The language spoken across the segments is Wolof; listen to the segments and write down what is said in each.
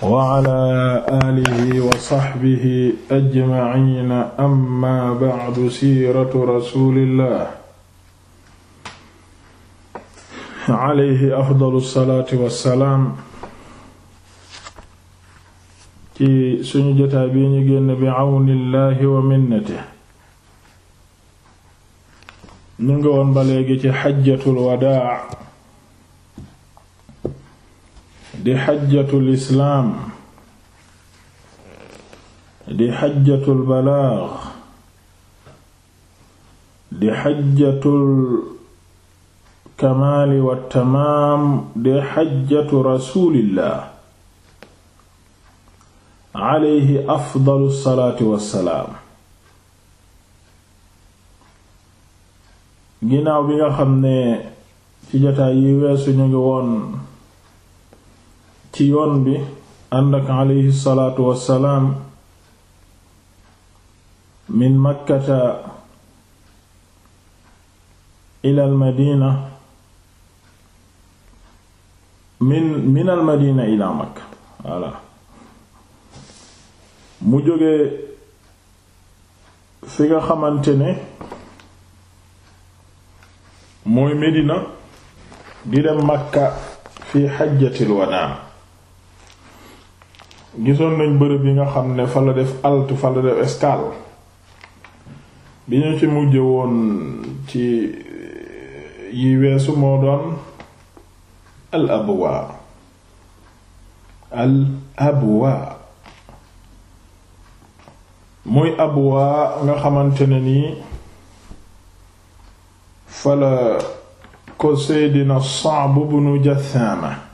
wala alihi wa saxbihi ajmaciina amma bacdu siiratu rasulillah alayhi afdalu salaati wassalaam ci suñu jotaay bi ñu génn bi awnillahi wa minnatihi ñu ngi woon ba léegi ci xajjatul wadaa di xajjatul islaam di xajjatul balaag di xajjatul kamaali wa tamaam di xajjatu rasuulillah alayhi afdalu salaati wassalaam ginnaaw bi nga xam ne ci jotaay yi weesu ñu ngi woon ci yoon bi ànd ak aleyhi salaatu min makkata ilal madina min minal madina ila makka voilà mu jóge fi nga xamante ne mooy medina di dem makka fi xajjatil wadaa gisoon nañ bërëb yi nga xam ne fa la def halte fa la def escale bi ñu ci mujje woon ci yi weesu moo doon al abwa al abwa muy abwa nga xamante ne nii fa la ko seydina Sa'b ibnu Jathama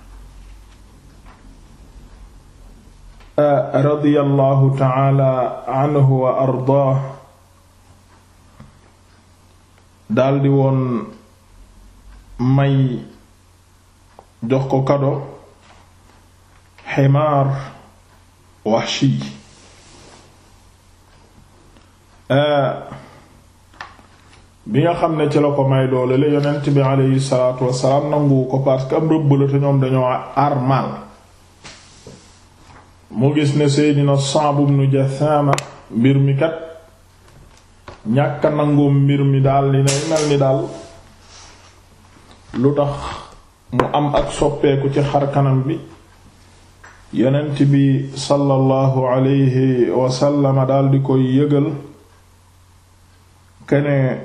radiyallahu taala anhu wa ardaah daldi woon may jox ko kado ximaar waxshi bi nga xam ne ci la ko may doole la yonent bi aleyhi salaatu wasalaam nangu ko parce que am rëbb la te ñoom dañoo armal mu gis ne seydina Sa'b ibn Jathama mbir mi kat ñàkk a nangoom mbir mi daal li nay mel ni daal lu tax mu am ak soppeeku ci xar kanam bi yonent bi sallallahu alayhi wasallama daal di koy yëgal kene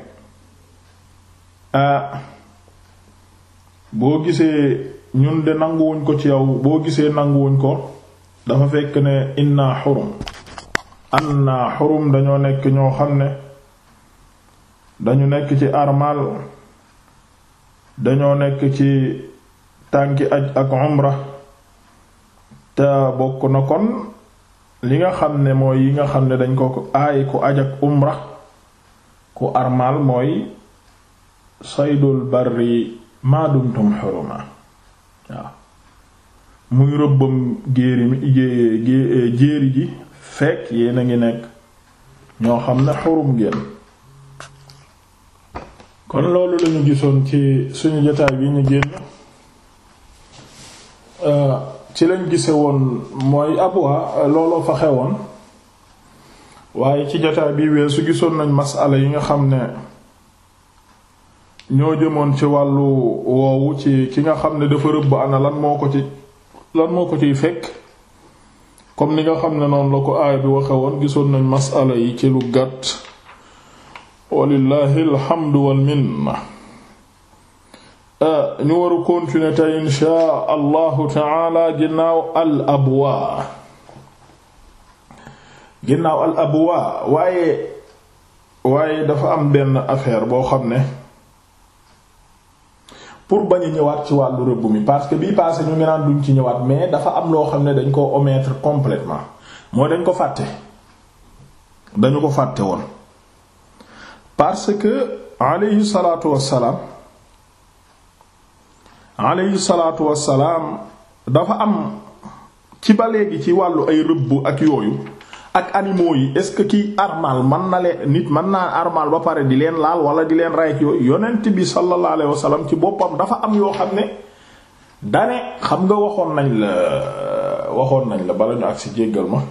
boo gisee ñun de nanguwuñ ko ci yow boo gisee nanguwuñ ko dafa fekk ne inna xurum anna xurum dañoo nekk ñoo xam ne dañu nekk ci armal dañoo nekk ci tànki aj ak umra te bokk na kon li nga xam ne mooy yi nga xam ne dañ ko aay ku aj ak umra ku armal mooy saydul barri ma dumtum xuruma muy rëbbam géeri mi jéeri gi fekk yéen a ngi nekk ñoo xam ne xurum ngeen kon loolu lañu gisoon ci suñu jotaay bi ñu génn euh, ci lañ gise woon mooy abwa looloo fa xewoon waaye ci jotaay bi weesu gisoon nañ masala yi nga xam ne ñoo jëmoon ci wàllu woowu ci ki nga xam ne dafa rëbb ana lan moo ko ci lan moo ko ciy fekk comme ni nga xam ne noonu la ko aaya bi waxe woon gisoon nañ masala yi ci lu gàtt walillahi alhamdu wal ñu waru continuer tey inshaa allahu taala ginnaaw al abwaa ginnaaw al abwaa waaye waaye dafa am benn affaire boo xam ne pour bañ a ñëwaat ci wàllu rëbb mi parce que bii passé ñu ngi naan duñ ci ñëwaat mais dafa am loo xam ne dañ ko omettre complètement mooy dañ ko fàtte dañu ko fàtte woon parce que alayhi salaatu wassalaam alayhi salaatu wassalaam dafa am ci ba léegi ci wàllu ay rëbb ak yooyu ak animaux yi est-ce que kii armal man na leen nit mën naa armal ba pare di leen laal wala di leen rey yooyu yonent bi sallallahu alayhi wasallam ci boppam dafa am yoo xam ne dane xam nga waxoon nañ la waxoon nañ la bala ñu ak si jéggal ma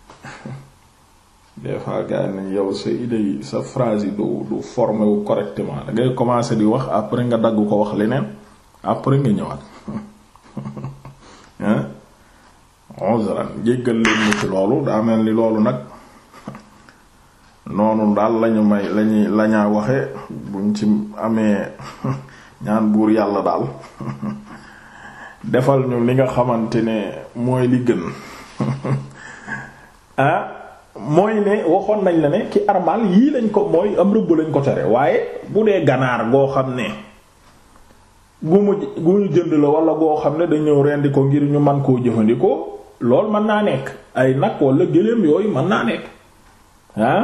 des fois gars yi nañ yow sa idée yi sa phrase yi du du formé wu correctement da ngay commencer di wax après nga dagg ko wax leneen après nga ñëwaat uzran jéggal leen ñu ci loolu daa mel ni loolu nag noonu daal lañu may lañuy lañaa waxe buñ ci amee ñaan buur yàlla daal defal ñu li nga xamante ne mooy li gën ah mooy ne waxoon nañ la ne ki armal yii lañ ko mooy am rëbb lañ ko tere waaye bu dee ganaar goo xam ne gu mu gu ñu jënd la wala goo xam ne dañ ñëw rendi ko ngir ñu man koo jëfandikoo loolu mën naa nekk ay nag wala gëléem yooyu mën naa nekk ah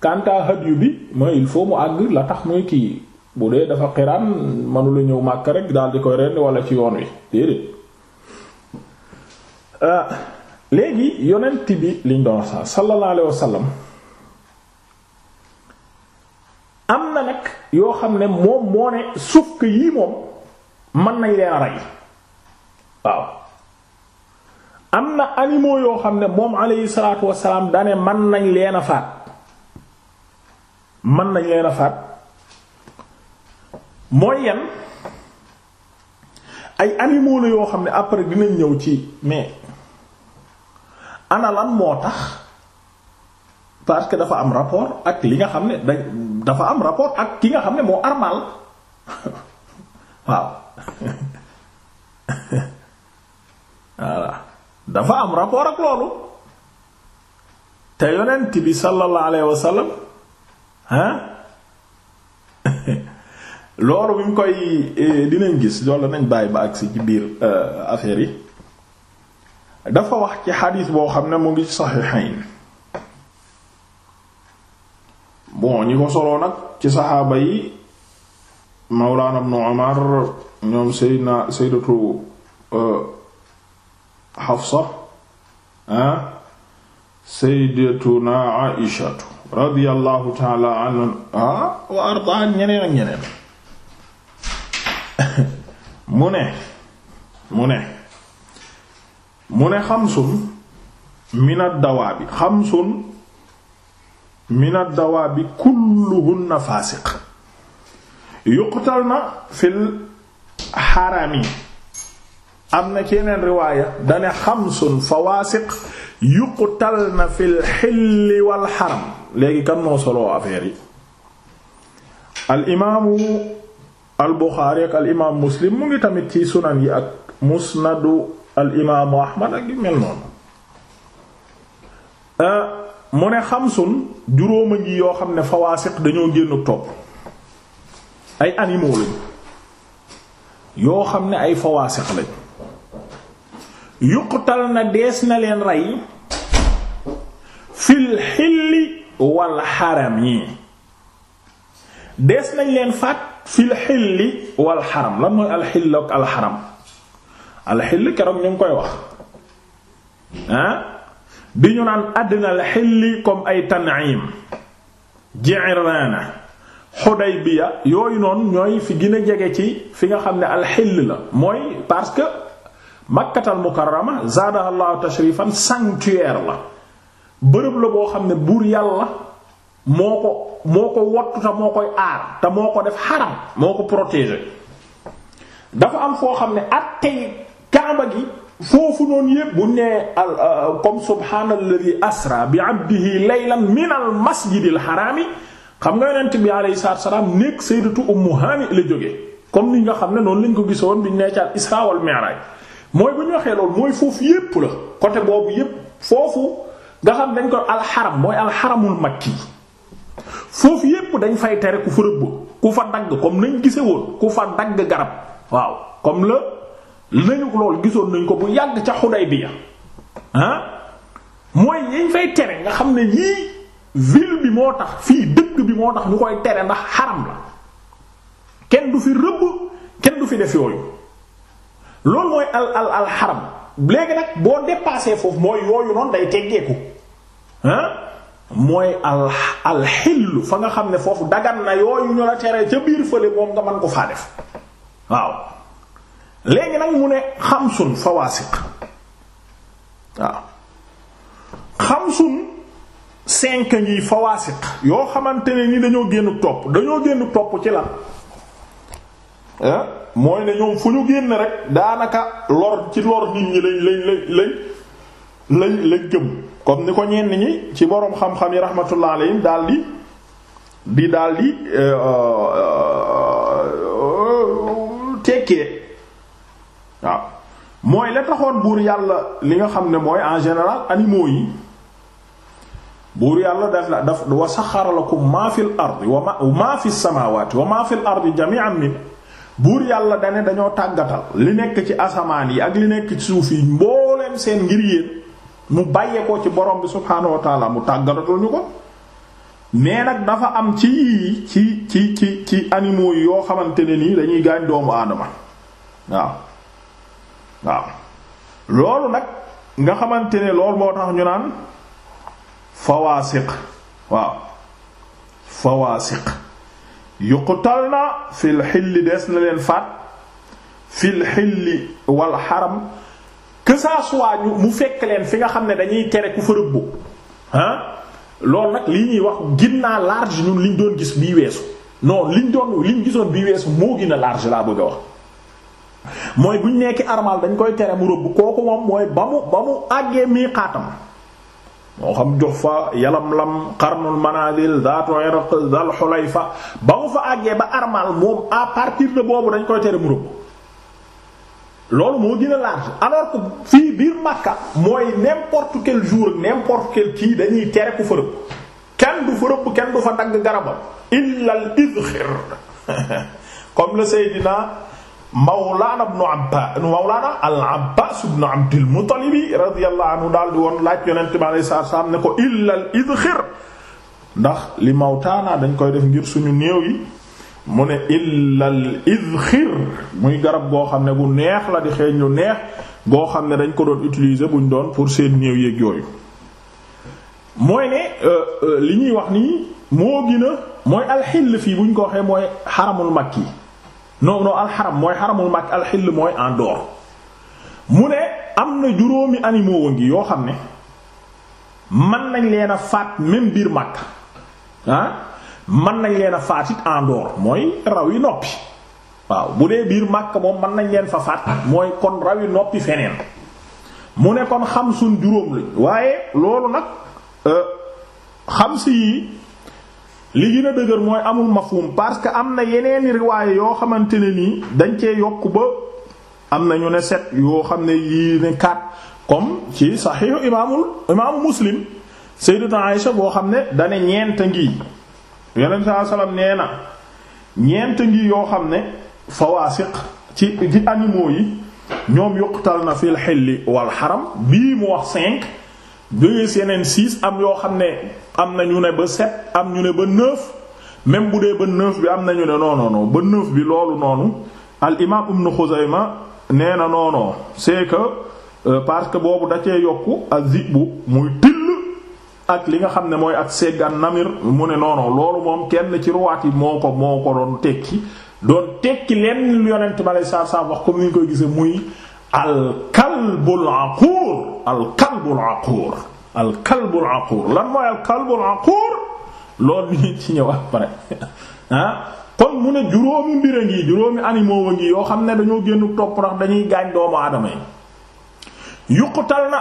kanta bi mooy il faut mu àgg la tax muy kii bu dee dafa xiraan manula ñëw màkk rek daal di koy rendi wala ci yoon wi déedéet ah, léegi yonent bi liñ doon wax sallallahu alayhi am na nag yoo xam ne moom moo ne sukk yii moom mën nañ leen a rey waaw am na animaux yoo xam ne moom alayhi salaatu wasalaam dane man nañ leen a faat man nañ leen a faat mooy yan ay animaux la yoo xam ne après dinañ ñëw ci mais ana moo tax parce que dafa am rapport ak li nga xam ne dafa am rapport ak ki nga xam ne moo armal waaw voilà dafa am rapport ak loolu te yonent bi sallallahu alayhi wa sallam ah loolu bi mu koy eh, dinañ gis loolu nañ bàyyi ba agsi ci biir eh, affaire yi dafa wax ci xadiis boo xam ne mu ngi saxiixayn bon ñi ko soloo nag ci saxaaba yi mawlaana ibnu Umar ñoom sayyidina sayyidatu eh, Hafsa ah sayyidatuna Aishatu radiyallahu ta'ala anha ah, wa arda ñeneen ak ñeneen mu ne mu ne mu ne xamsun min ad-dawaabi xamsun min ad-dawaabi kulluhunna faasiq yuqtalna fil harami am na ci yeneen riwaaya dane xamsun fawaasiq yuqtalna fil xilli wal xaram léegi kan moo solo affaire yi al imaamu ak al muslim mu ngi tamit ci sunan yi ak musnadu al imaamu ahmad ak mel noonu euh, mu ne xamsun juróoma ngi yoo xam ne fawaasiq dañoo génn topp ay animaux yoo xam ne ay fawaasiq lañ yuqtal na dees na leen rey fil xilli wal xaram yi dees nañ leen faat fil xilli wal xaram lan mooy alxill ak alxaram alxill keroog ñu ngi koy wax ah bi ñu naan àddina alxilli comme ay Tan'im Ji'irraana Xudaybiya yooyu noonu ñooy fi gën jege ci fi nga xam ne alxill la mooy parce que. makkatal mukarrama zaadahallahu tashrifan sanctuaire la bërëb la boo xam ne buur yàlla moo ko moo ko wottu moo koy aar te moo ko def xaram moo ko protéger dafa am foo xam ne at tey kaaba gi foofu noonu yépp bu nee euh, comme subhaanalladhi asra bi abdihi laylan min al masjidil xaraami xam nga yonent bi alayhi salaatu salaam nekk sayyidatu ummu haani la jóge comme ni nga xam ne noonu lañ ko gisoon biñ nee ca al isra mooy bu ñu waxee loolu mooy foofu yépp la côté boobu yépp foofu nga xam dañ ko alxaram mooy alxaramul makki foofu yépp dañ fay tere ku fa rëbb ku fa dagg comme nañ gise woon ku fa dagg garab waaw comme la nañu lool gisoon nañ ko bu yàgg ca Xudaybiya ah mooy yañ fay tere nga xam ne yii ville bi moo tax fii dëkk bi moo tax ñu koy tere ndax xaram la kenn du fi rëbb kenn du fi def yooyu loolu mooy al al al xaram léegi nag boo dépassé foofu mooy yooyu noonu day teggeeku ah mooy al al fa nga xam ne foofu dagan na yooyu ñu la teree ca biir fële moom nga mën ko faa def waaw léegi nag mu ne xam xamsun fawaasiq waaw xamsun cinq ngi fawaasiq yoo xamante ne ni dañoo génn topp dañoo génn topp ci lan mooy ne ñoom fu ñu génn rek daanaka lor ci lor nit ñi lañ lañ lañ gëm comme ni ko ñenn ñi ci boroom xam-xam yi rahmatullah alayhim daal di di daal di euh, euh, tekkee waaw mooy la taxoon buur yàlla li nga xam ne mooy en général animaux yi buur yàlla daf la daf wa saxara lakum maa fil ardi wa maa fis samaawaati wa maa fil ardi jami'an min buur yàlla dane dañoo tàggatal li nekk ci asamaan yi ak li nekk ci suuf yi mbooleem seen ngir yéen mu bàyyee ko ci borom bi subhaanahu wa taala mu tàggatatul ñu ko mais nag dafa am ci yii ci ci ci ci animaux yi yoo xamante ne nii dañuy gaañ doomu aadama waaw waaw loolu nag nga xamante ne loolu moo tax ñu naan fawaasiq waaw fawaasiq yuqtal na fil xilli des na leen faat fil xilli wal xaram que ça ñu mu fekk leen fi nga xam ne dañuy tere ku fa rëbbu ah loolu nag li ñuy wax ginnaa large ñun liñ doon gis bii weesu non liñ doon liñ gisoon bii weesu moo gën a large laa bëgg a wax mooy buñ nekki armal dañ koy tere mu rëbb kooku moom mooy ba mu ba mu àggee mii xaatam moo xam Juhfa Yalamlam Qarnul Manazil Zaatu Irq Zal Hulayfa ba mu fa àggee ba armal moom à partir boobu dañ koy tere mu rëbb loolu moo gën a large alors que fii biir Makka mooy n'importe quel jour ak n'importe quel kii dañuy tere ku fa rëbb kenn du fa rëbb kenn du fa dagg garabam illal idxir comme le Seydina Mawlaana ibnu Abbaas Mawlaana al-Abbaas ibnu Abdil Muttalib radiyallahu anhu daal di woon laaj Yonent bi alayhi salaatu salaam ne ko illal idxir ndax li mawtaana dañ koy def ngir suñu néew yi mu ne illal idxir muy garab goo xam ne bu neex la di xeeñ lu neex goo xam ne dañ ko doon utiliser buñ doon pour seen néew yeeg yooyu. mooy ne euh, euh, li ñuy wax nii moo gën mooy alxill fii buñ ko waxee mooy xaramul makki. non non alxaram mooy xaramul mag alxill mooy en mu ne am na juróomi animaux ngi yoo xam ne mën nañ leen a faat même biir mag ah mën nañ leen a faat it en dehors mooy raw noppi waaw bu dee biir màkk moom mën nañ leen fa faat mooy kon raw yi noppi feneen mu ne kon xam suñ juróom lañ waaye loolu nag euh, xam si yi li gën a mooy amul mafhum parce que am na yeneeni riwaaye yoo xamante ne nii dañ cee yokk ba am na ñu ne set yoo xam ne yii ne quatre comme ci saxiixu imaamul imaamu muslim sayyidatu Aïsha boo xam ne dane ñeent ngi yonent saa nee na ñeent ngi yoo xam ne fawaasiq ci ci animaux yi ñoom yuqtal na fil xilli wal xaram bii mu wax cinq jógee si yeneen six am yoo xam ne am na ñu ne ba sept am ñu ne ba neuf même bu dee ba neuf bi am na ñu ne non non non ba neuf bi loolu noonu al imaam ibn Xuzayma nee na non non c'est que euh, parce que boobu da cee yokku ak zibu muy till ak li nga xam ne mooy ak segg ak namir mu ne non loolu moom kenn ci ruwaat yi moo ko moo ko doon tekki doon tekki lenn yonent ma lay saa saa wax comme ni ñu koy gisee muy al. kalbul aquur lan mooy al kalbul aquur loolu ni ci ah, kon mu ne juróomi mbir a ngi juróomi animaux a ngi yoo xam ne dañoo génn topp ndax dañuy gaañ doomu aadama yi yuqutal na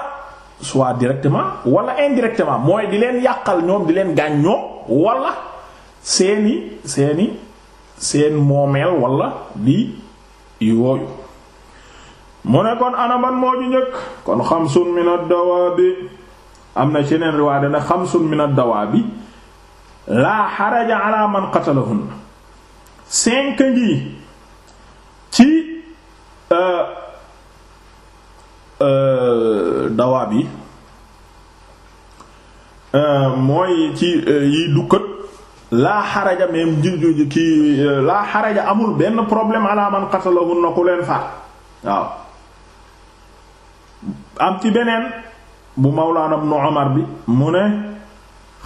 soit directement walla indirectement mooy di leen yàqal ñoom di leen gaañ ñoom wala seeni seeni seen moomeel wala di yooyu mu ne kon anaman moo ju njëkk kon xamsun min ad-dawaabi am na ci yeneen riwaaya dana xamsun min ad-dawaabi ci euh, euh, dawaab yi euh, mooy ci yi dukkat laa xaraja ji jinjuji ki laa xaraja amul benn problème ala man qatalahun na ku leen faat waaw am ci beneen bu mawlaana ibnu Umar bi mu ne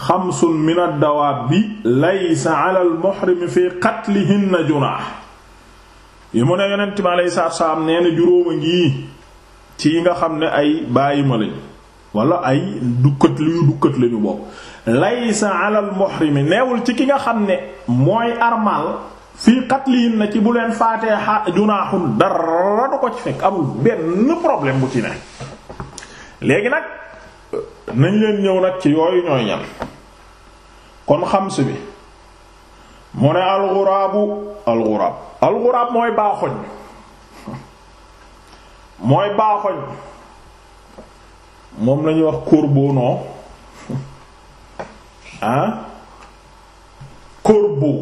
xamsun min ad-dawaab bi laysa ala al-muhrim fi qatlihinna junaah yi mu ne yonent bi alayhi salaatu salaam nee na juróoma ngi ci yi nga xam ne ay bàyyi ma lañu wala ay dukkat luyu dukkat lañu bokk laysa ala al neewul ci ki nga xam ne mooy armal fii xatliin na ci bu leen faatee junaaxul dara du ko ci fekk amul benn problème bu ci ne léegi nag nañ leen ñëw nag ci yooyu ñooy ñan kon xams bi mu ne alxuraabu alxuraab alxuraab mooy baaxoñ moom lañuy wax corbeau ah corbeau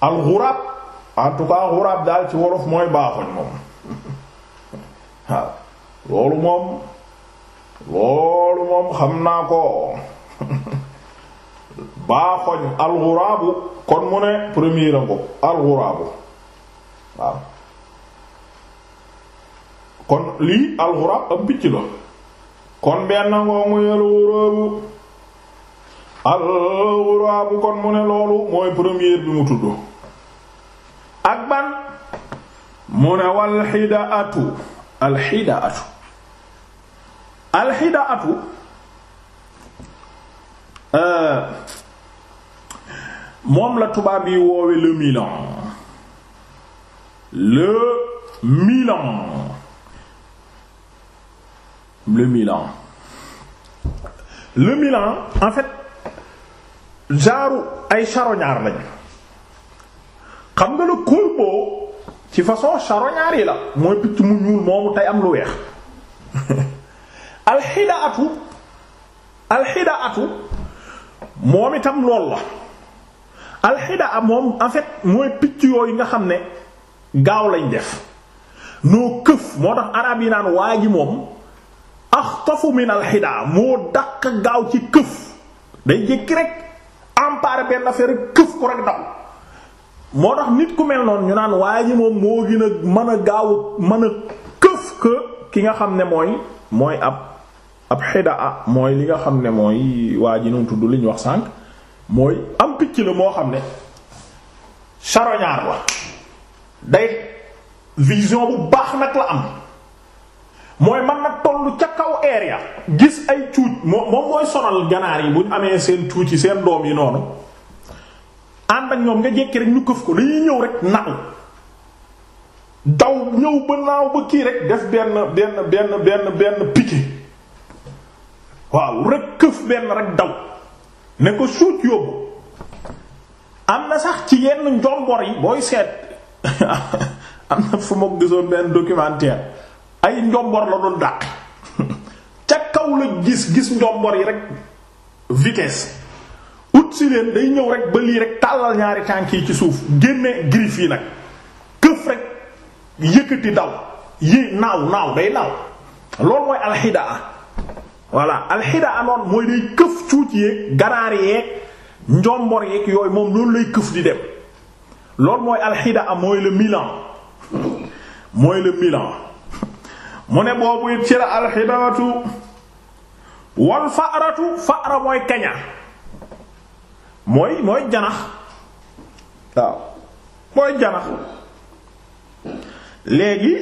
alxuraab en tout daal ci wolof mooy baaxoñ moom loolu moom loolu moom xam naa ko baaxoñ alxuraabu kon mu ne premier a alxuraabu waaw kon lii alxuraab am picc la kon benn ngoo muy alxuraabu alxuraabu kon mu ne loolu mooy premier bi mu tudd ak ban mu ne walxidaatu alxidaatu alxidaatu euh, moom la tubaab yi woowe le Milan le Milan le Milan le Milan en fait jaaru ay charognard lañ xam nga le corbeau ci façon charognard yi la mooy picc mu ñuul moomu tey am lu weex alxidaatu alxidaatu moom itam lool la alxidaa moom en fait mooy picc yooyu nga xam ne gaaw lañ def noo këf moo tax arab yi naan waa ji moom axtafu min alxidaa moo daq gaaw ci këf day jëkki rek empare benn affaire këf ko rek daw moo tax nit ku mel noonu ñu naan waa ji moom moo gën a mën a gaaw mën a këf ki nga xam ne mooy mooy ab ab xida a mooy li nga xam ne mooy waa ji nu tudd li ñu wax sànq mooy am picc la moo xam ne charognard la day vision bu baax nag la am mooy man nag tollu ca kaw ya gis ay cuuc moom moom mooy sonal ganaar yi bu ñu amee seen cuuc yi seen doom yi noonu ànd ak ñoom nga jekki rek ñu këf ko dañuy ñëw rek naqu daw ñëw ba naaw ba kii rek def benn benn benn benn picc waaw rek këf benn rek daw ne ko suut yóbbu am na sax ci yenn njombor yi booy seet am na fu ma gisoon benn documentaire ay njombor la doon dàq ca kaw la gis gis njombor yi rek vitesse ut si leen day ñëw rek ba lii rek tàllal ñaari tànk yi ci suuf génne griffe yi nag këf rek yëkkati daw yi naaw naaw day naaw loolu mooy alxidaa voilà alxida anoon mooy day këf cuuc yeeg ganaar yeeg njombor yeeg yooyu moom loolu lay këf di dem loolu mooy alxida am mooy le milan mooy le milan mu ne boobu ci la alxidawatu wal faratu fara mooy kaña mooy mooy janax waaw mooy janax léegi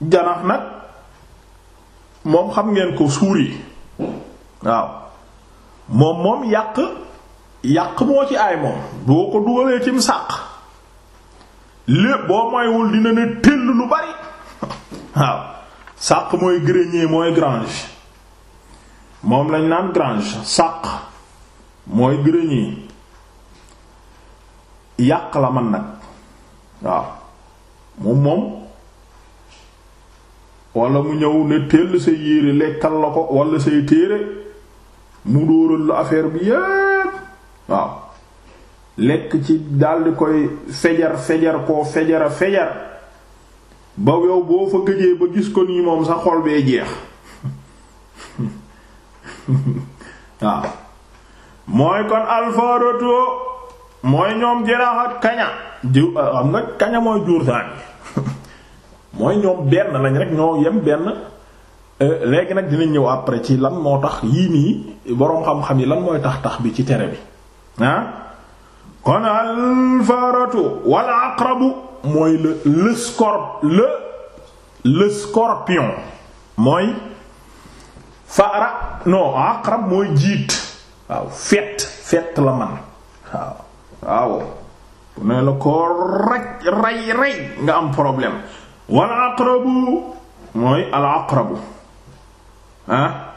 janax nag moom xam ngeen ko suur yi waaw moom moom yàq yàq moo ci aay moom boo ko dugalee cim sàq lépp boo moywul dina ne tëll lu bari waaw sàq mooy grenier mooy grange moom lañ naan grange sàq mooy grenier yàq la man nag waaw moom moom wala mu ñëw ne tell say yére lekkal la ko wala say téere mu dóoral la affaire bi yépp waaw lekk ci daldi koy fejar fejar koo fejara fejar ba yow boo fa gëjee ba gis ko nii moom sa xol bee jeex waaw mooy kon alfaroto mooy ñoom jaraxat kaña jiw ah, am nga kaña mooy juur saan mooy ñoom benn lañu rek ñoo yem benn euh, léegi nag dinañ ñëw après ci lan moo tax yii nii boroom xam-xam yi lan mooy tax tax bi ci tere bi ah kon alfaratu wal aqrabu mooy le le scorpion mooy fara non aqrab mooy jiit waaw fett fett la man waaw waaw bu ne la ko raj rey rey nga am problème wal aqrabu mooy al aqrabu ah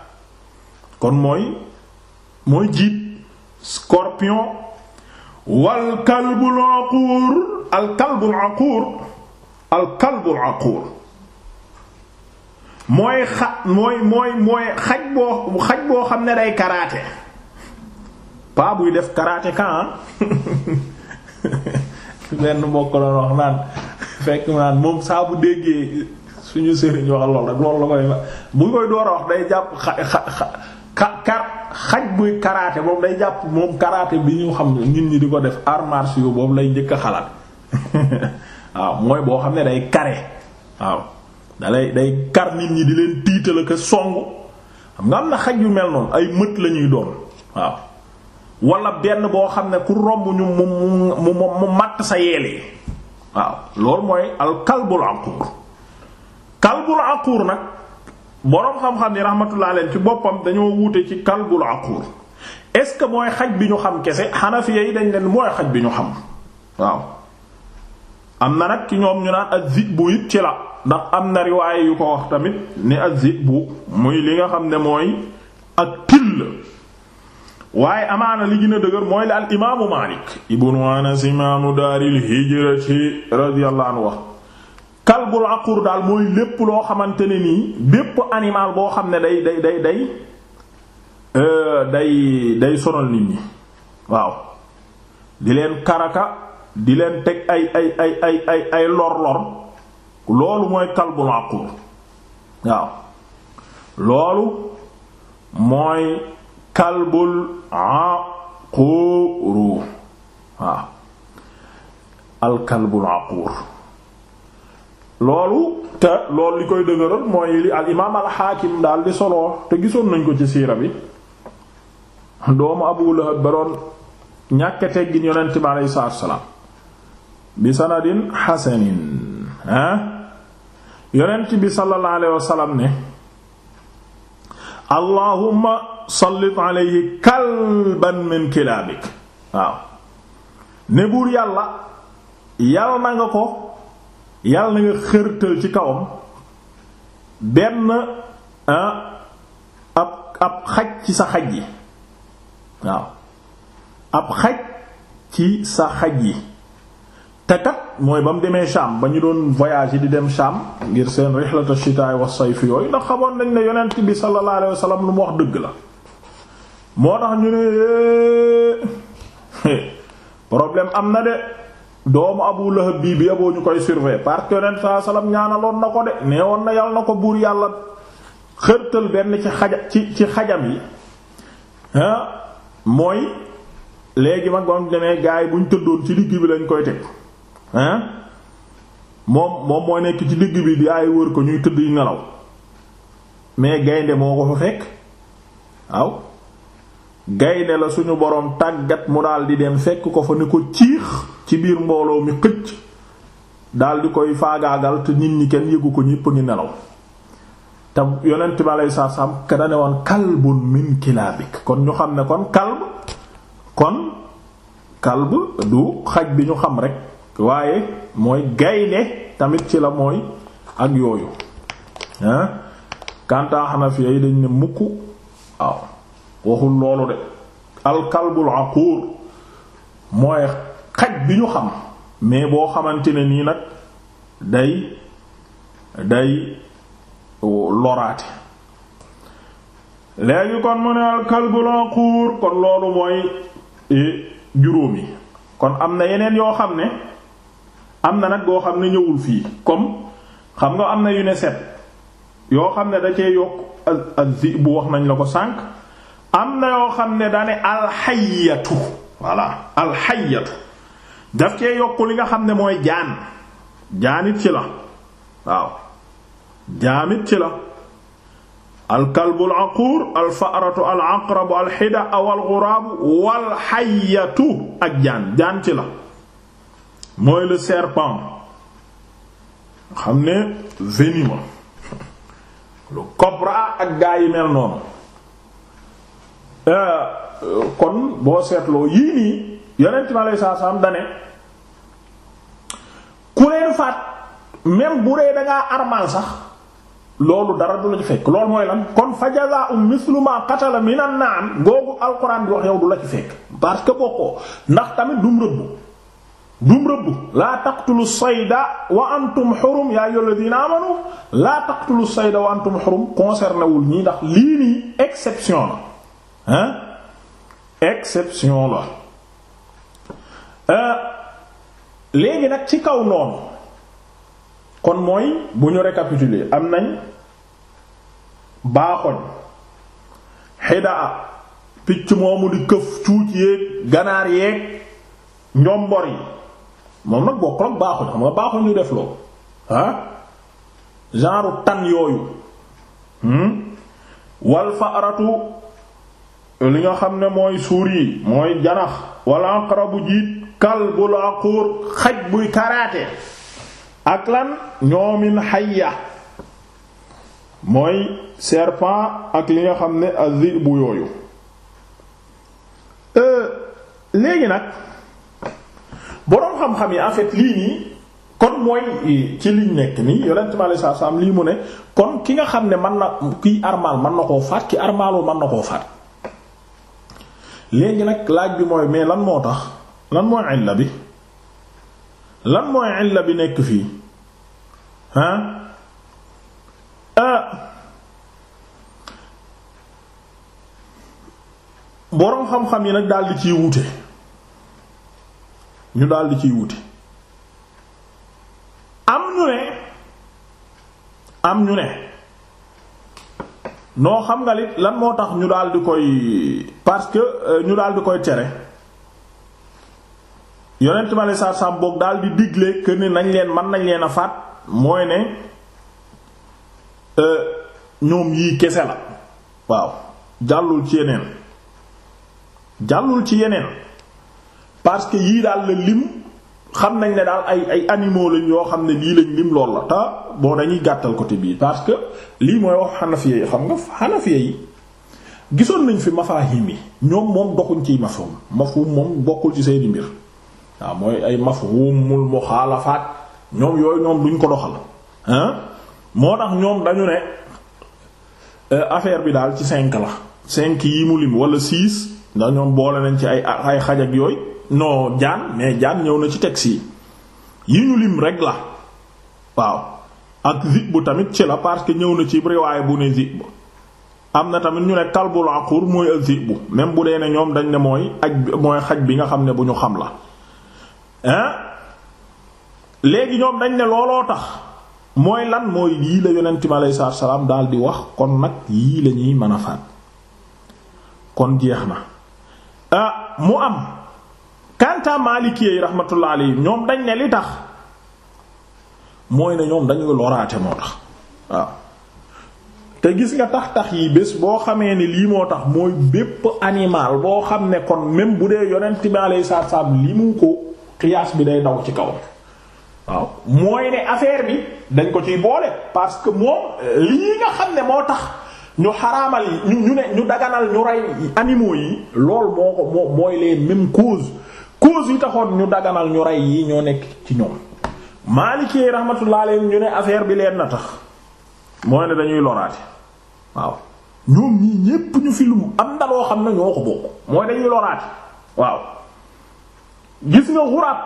kon mooy mooy jiit scorpion wal kalbul aquur al kalbul aquur al kalbul aquur mooy xa mooy mooy xaj boo xaj boo xam ne day karaate paa buy def karaate kan ah, benn mbokk la wax naan fekk man moom saa bu déggee suñu sëriñ wax lool rek loolu la koy bu koy door a wax day jàpp xa xa xa xaj buy karaate boobu day jàpp moom karaate bi ñu xam ne nit ñi di ko def arts martiaux boobu lay njëkk a xalaat waaw mooy boo xam ne day kare waaw dalay day kar nit ñi di leen tiital ak songu xam nga am na xaj yu mel noonu ay mët lañuy doon waaw wala benn boo xam ne ku romb ñu mu mu mu matt sa yeele. waaw loolu mooy al kalbul aquur kalbul aquur nag boroom xam-xam ni rahmatullah leen ci boppam dañoo wuute ci kalbul aquur est-ce que mooy xaj bi ñu xam kese xanafiya yi dañ leen mooy xaj bi ñu xam waaw am na nag ci ñoom ñu naan az-zibbu it ci la ndax am na riwaaye yu ko wax tamit ni ak az bu muy li nga xam ne mooy ak till waaye amaana li gën a dëgër mooy la al imaamu Maalik ibnu Anas imaamu daaril hijrati radiyallahu anhu wax kalbul aqur daal mooy lépp loo xamante ne nii bépp animal boo xam ne day day day day euh, day day sonal nit ñi waaw di leen karaka di leen teg ay ay ay ay ay lor-lor loolu mooy kalbul aqur waaw loolu mooy kalbul aquuru waaw alkalbul aquur loolu te loolu li koy dëgëral mooy li al imaam alxaakim daal di soloo te gisoon nañ ko ci siira bi doomu abu lahab ba doon ñàkk teggin yonent bi aleyhi salaam bi sanadin xasanin ah yonent bi sallallahu alayhi wasallam ne allahumma sallit alayhi kalban min kilaabik waaw ne buur yàlla yàlla na nga ko yàlla na nga xërtal ci kawam benn ah, ab ab xaj ci sa xaj yi waaw ab xaj ci sa xaj yi te kat mooy ba mu demee Sham ba ñu doon voyage yi di dem Sham ngir seen rihlatu shitaay wa sayf yooyu ndax xamoon nañ ne yonent bi sallallahu alayhi wasallam lu mu wax dëgg la moo tax ñu ne eh, problème am na de doomu Abu Lahab bii bi yaboo ñu koy surveiller parce que yonent sallallahu alayhi wasallam ñaanaloon na ko de nee woon na yàlla na ko buur yàlla xërtal benn ci xaja ci ci xajam yi ah mooy léegi mag ba mu demee gaay bu ñu tëddoon ci digg bi lañ koy teg hein moom moom mooy nekk ci digg bi di ay wër ko ñuy tëdd nelaw mais gaynde moo ko fa fekk waaw gaynde la suñu boroom tàggat mu daal di dem fekk ko fa ni ko ciix ci biir mbooloo mi xëcc daal di koy faagaagal te nit ñi kenn yëgu ko ñépp a nelaw te yonent bi aleyhi salaatu salaam ka dane woon kalbun min kilaabik kon ñu xam ne kon kalb kon kalb du xaj bi ñu xam rek waaye mooy gaynde tamit ci la mooy ak yooyu ah kantaa xanafi yi dañ ne mukk waaw waxul loolu de alkalbul aquur mooy xaj bi ñu xam mais boo xamante ne nii nag day day loraate léegi kon mu ne alkalbul aquur kon loolu mooy eh, juróomi kon am na yeneen yoo xam ne am na nag goo xam ne ñëwul fii comme xam nga am na yu ne set yoo xam ne da cee yokk az-zi bu wax nañ la ko sànq am na yoo xam ne daane alxayatu voilà alxayatu daf cee yokk li nga xam ne mooy jaan jaanit ci la waaw jaamit ci la alkalbu alaquur alfaratu alaqrabu alxida aw alxuraabu walxayatu ak jaan jaan ci la mooy le serpent xam ne venimeux le cobra ak gaa yi mel noonu euh, kon boo seetloo yii nii yonent mi aleyhi salaatu salaam dane ku leen faat même bu dee dangaa armal sax loolu dara du la ci fekk loolu mooy lan kon fa jazaa'un mislu ma qatala minan na'am googu alxuraan bi wax yow du la ci fekk parce que bokkoo ndax tamit dum rëbb dum rëbb laa taqtulu sayda wa antum xurum yaa ayyuha alladhina amanu laa taqtulu sayda wa antum xurum concerné wul ñii ndax lii nii exception la hein exception la euh, léegi nag ci kaw noonu kon mooy bu ñu récapituler am nañ baaxoñ xidaa picc moomu di këf cuuc yéeg ganaar yeeg njombor yi moom nag bokkam baaxul xam nga baaxul ñu def loolu ah genre tan yooyu hmm? wal faaratu li nga xam ne mooy suur mooy janax wala bu jiit kal bul aquur xaj buy karaate ak lan ñoomin xayya mooy serpent ak li nga xam ne azi bu yooyu euh, léegi nag boroom xam-xam yi en fait lii nii kon mooy ci liñ nekk nii yonent mi alayhi salaam lii mu ne kon ki nga xam ne man na kiy armaal man na koo faat ki armaalul mën na koo faat léegi nag laaj bi mooy mais lan moo tax lan mooy illa bi lan mooy illa bi nekk fii ah boroom xam-xam yi nag di ciy wute ñu daldi ciy wuti am ñu ne am ñu ne noo xam nga li lan moo tax ñu daldi koy parce que euh, ñu daldi koy tere yonent ma saa saam boog daldi digle que ni nañ leen mën nañ leen a faat mooy ne euh, ñoom yii kese la waaw jàllul ci yeneen jàllul ci yeneen parce que yii daal la lim xam nañ ne daal ay ay animaux lañ yoo xam ne lii lañ lim lool la te boo dañuy gàttal côté bii parce que lii mooy wax xanafiya yi xam nga xanafiya yi gisoon nañ fi mafahim yi ñoom moom doxuñ ciy mafhum mafhum moom bokkul ci seeni mbir waaw mooy ay mafhumul muxaalafaat ñoom yooyu ñoom duñ ko doxal hein moo tax ñoom dañu ne euh, affaire bi daal ci cinq la cinq yi mu lim wala six ndax ñoom boole nañ ci ay ay xaj yooyu no jaan mais jaan ñëw na ci teg si yi ñu lim rek la waaw ak zib bu tamit ci la parce que ñëw na ci riwaay bu ne zib am na tamit ñu ne kalbul aqur mooy ak zib bu même bu dee ne ñoom dañ ne mooy aj mooy xaj bi nga xam ne bu ñu xam la hein léegi ñoom dañ ne looloo tax mooy lan mooy yii la yonent mi aleyhi salaatu salaam daal di wax kon nag yii la mën a faat kon jeex na ah mu am kanta Maliki yi rahmatullah alayhim ñoom dañ ne li tax mooy ne ñoom dañuy loraate moo tax waaw te gis nga tax-tax yi bés boo xamee ni lii moo tax mooy bépp animal boo xam ne kon même bu dee yonent bi alayhi salaatu salaam li mu ko xiyaas bi day daw ci kaw waaw bi dañ ko ciy boole parce que moom lii nga xam ne moo tax ñu xaraamal yi ñu ñu ne ñu daganal ñu rey animaux yi lool moo ko moo mooy les mêmes causes cause yi taxoon ñu daganal ñu rey yi ñoo nekk ci ñoom Maliki rahmatullah ñu ne affaire bi leen na tax mooy ne dañuy loraate waaw ñoom ñii ñépp ñu fi am na xam ne ñoo ko bokk mooy dañuy loraate waaw gis nga xuraab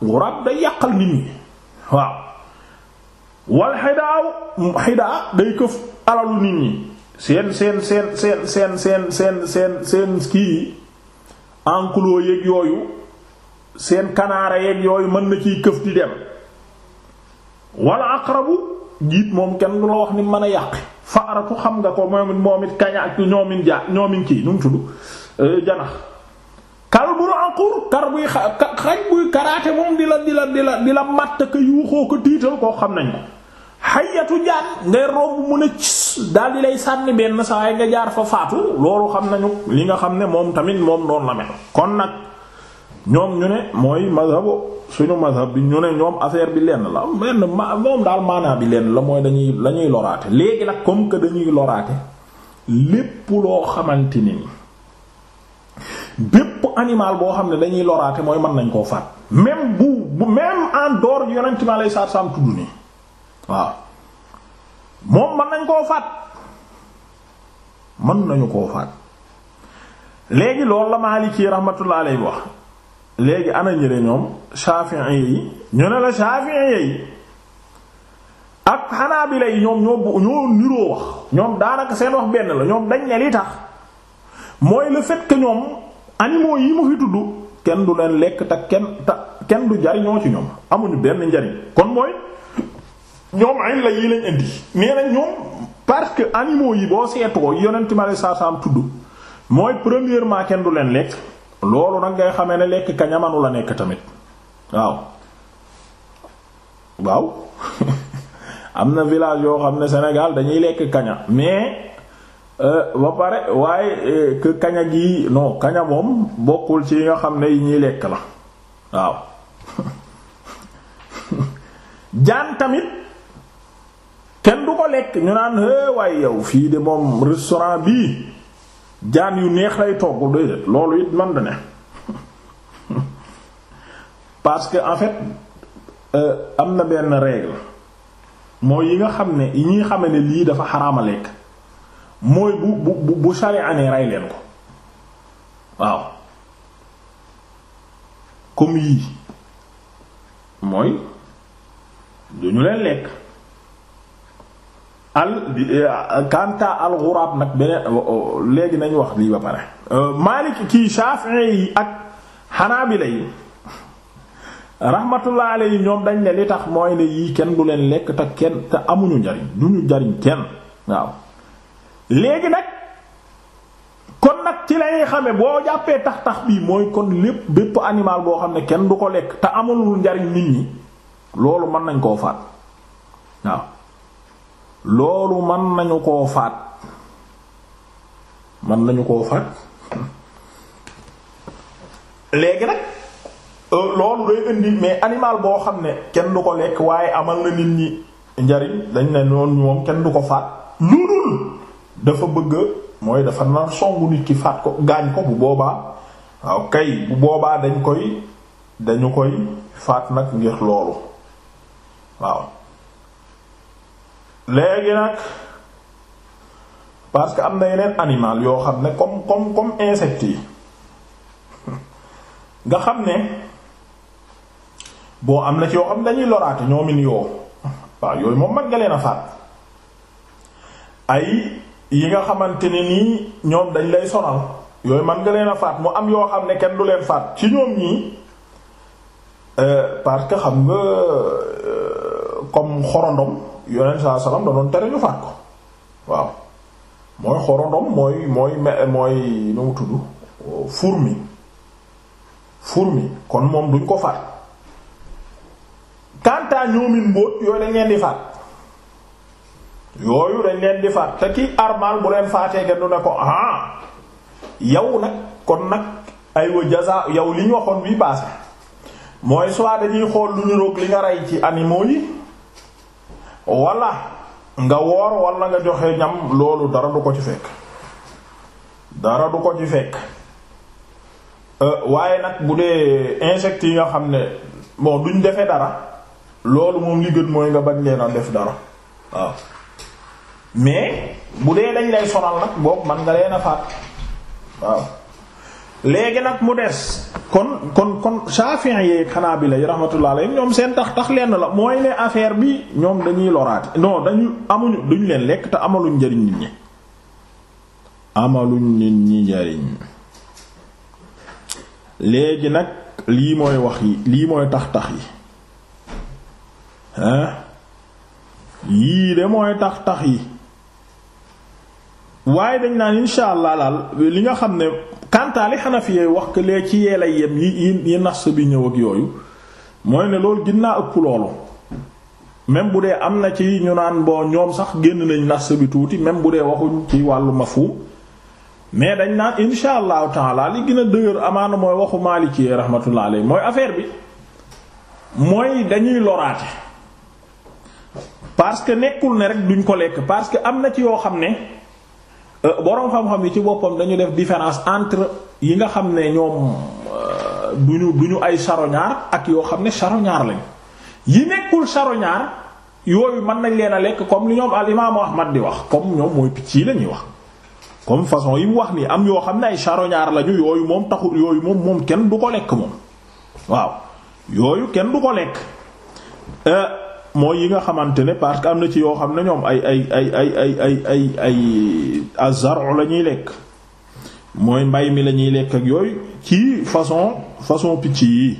xuraab day yàqal nit ñi waaw wal xidaaw xidaa day këf alalu nit ñi seen seen seen seen seen seen seen seen seen kii yi enclos yéeg yooyu seen kanaara yeeg yooyu mën na ciy këf di dem wala aqrabu jiit moom kenn du la wax ni mën a yàq faaratu xam nga ko moom it moom it kaña ak ñoomin ja ñoomin kii nu mu tudd euh, janax kal bu aqur kar buy xaj buy karaate moom di la di la di la matt ko yuuxoo ko tiital koo xam nañ ko xayatu jaan ngay romb mu ne daal di lay sànni benn saa nga jaar fa faatu loolu xam nañu li nga xam ne moom tamit moom noonu la mel kon nag ñoom ñu ne mooy mazhabu suñu mazhab bi ñu ne ñoom affaire bi lenn la lenn ma moom daal maanaa bi lenn la mooy dañuy lañuy loraate léegi nag comme que dañuy loraate lépp loo xamante ni bépp animal boo xam ne dañuy loraate mooy mën nañ koo faat même bu bu même en dehors yonent mi alayhi salaatu salaam tudd nii waaw mën koo faat mën nañu koo faat léegi loolu la Maliki rahmatullah alayhi wax léegi ana ñële ñoom Shafi'i yi ñu ne la Shafi'i yi ak Hanabila yi ñoom ñoo ñoo niroo wax ñoom daanaka seen wax benn la ñoom dañ ne li tax mooy le fait que ñoom animaux yi mu fi tudd kenn du leen lekk te kenn kenn du jariñoo ci ñoom amuñu benn njariñ kon mooy ñoom ay la yi lañ indi nee nañ ñoom parce que animaux yi boo seetoo yonent ma la saa saam tudd mooy premièrement kenn du leen lekk. loolu nag ngay xamee ne lekk kaña manu la nekk tamit waaw waaw am na village yoo xam ne Sénégal dañuy lekk kaña mais euh, ba pare waaye euh, que kaña gi non kaña moom bokkul ci yi nga xam ne yi ñuy lekk la waaw jaan tamit kenn du ko lekk ñu naan hé yow fii de moom restaurant bii jaan yu neex lay togg déedéet loolu it man da ne parce que en fait euh, am na benn règle mooy yi nga xam ne yi ñuy xame ne lii dafa xaraama lekk mooy bu bu bu sharia ne rey leen ko waaw comme yii mooy duñu leen lekk al kanta al ghurab nag beneen léegi nañu wax lii ba pare Maalik kii Shafi'i yi ak xanaa Hanabila yi rahmatullah yi ñoom dañ ne li tax mooy ne yii kenn du leen lekk te kenn te amuñu njariñ du ñu jariñ kenn waaw léegi nag kon nag ci lañuy xame boo jàppee tax tax bii mooy kon lépp bépp animal boo xam ne kenn du ko lekk te amulul njariñ nit ñi loolu mën nañ koo faat waaw loolu man nañu koo faat mën nañu koo faat léegi nag euh, loolu day indi mais animal boo xam ne kenn du ko lekk waaye amal na nit ñi njariñ dañ ne noonu moom kenn du ko faat lu dul dafa bëgg mooy dafa nar songu nit ki faat ko gaañ ko bu boobaa waaw kay bu boobaa dañ koy dañu koy faat nag ngir loolu waaw léegi nag parce que am na yeneen animal yoo xam ne comme comme comme insectes yi nga xam ne boo am na ci yoo xam dañuy loraate ñoomin yoo waaw yooyu moom mën nga leen a faat ay yi nga xamante ne nii ñoom dañ lay sonal yooyu mën nga leen a faat mu am yoo xam ne kenn du leen faat ci ñoom ñii euh, parce que xam nga euh, comme xorondom yonent saa salaam da doon tere ñu faat ko waaw mooy xorondom mooy mooy mooy nu mu tudd fourmi kon moom duñ ko faat kantaa ñoomin mbóot yooyu dañ leen di faat yooyu dañ leen di faat te ki armal bu leen faatee kenn du ne ko ah yow nag kon nag aywa jaza yow li ñu waxoon bi passé mooy soit dañuy xool lu ñu roog li nga rey ci animaux yi wala nga woor wala nga joxe ñam loolu dara du ko ci fekk dara du ko ci fekk euh, waaye nag bu dee insectes yi nga xam ne bon duñ defee dara loolu moom li gën mooy nga bañ leen a def dara waaw mais bu dee dañ lay sonal nag boobu man nga leen a faat waaw léegi nag mu des kon kon kon Shafi'i yeeg Hanabila yi rahmatullah alayhim ñoom seen tax tax lenn la mooy ne affaire bi ñoom dañuy loraat non dañu amuñu duñ leen lekk te amaluñ njariñ nit ñi amaluñ nit ñi njariñ léegi nag lii mooy wax yi lii mooy tax tax yi hein yii de mooy tax tax yi waaye dañ naan insha allah laal li nga xam ne kantaali xanafi yooyu wax que ci yee lay yem yi yi nas bi ñëw ak yooyu mooy ne loolu ginnaa ëpp loolu même bu dee am na ci ñu naan boo ñoom sax génn nañ nas bi tuuti même bu dee waxuñ ci wàllu mafhum mais dañ naan insha allahu taala li gën a dëgër amaana mooy waxu Maliki rahmatullah alayhi mooy affaire bi mooy dañuy loraate parce que nekkul ne rek duñ ko lekk parce que am na ci yoo xam ne. Euh, boroom xam-xam yi ci boppam dañu def différence entre yi nga xam ne ñoom euh, duñu duñu ay charognard ak yoo xam ne charognard lañ yi nekkul charognard yooyu mën nañ leen a lekk comme li ñoom al imaamu Ahmad di wax comme ñoom mooy picc yi la ñuy wax comme façon yi mu wax nii am yoo xam ne ay charognard lañu yooyu moom taxul yooyu moom moom kenn du ko lekk moom waaw yooyu kenn du ko lekk. Euh, mooy yi nga xamante ne parce que am na ci yoo xam ne ñoom ay ay ay ay ay ay ay ay azar la ñuy lekk mooy mbay mi la ñuy lekk ak yooyu ci façon façon picc yi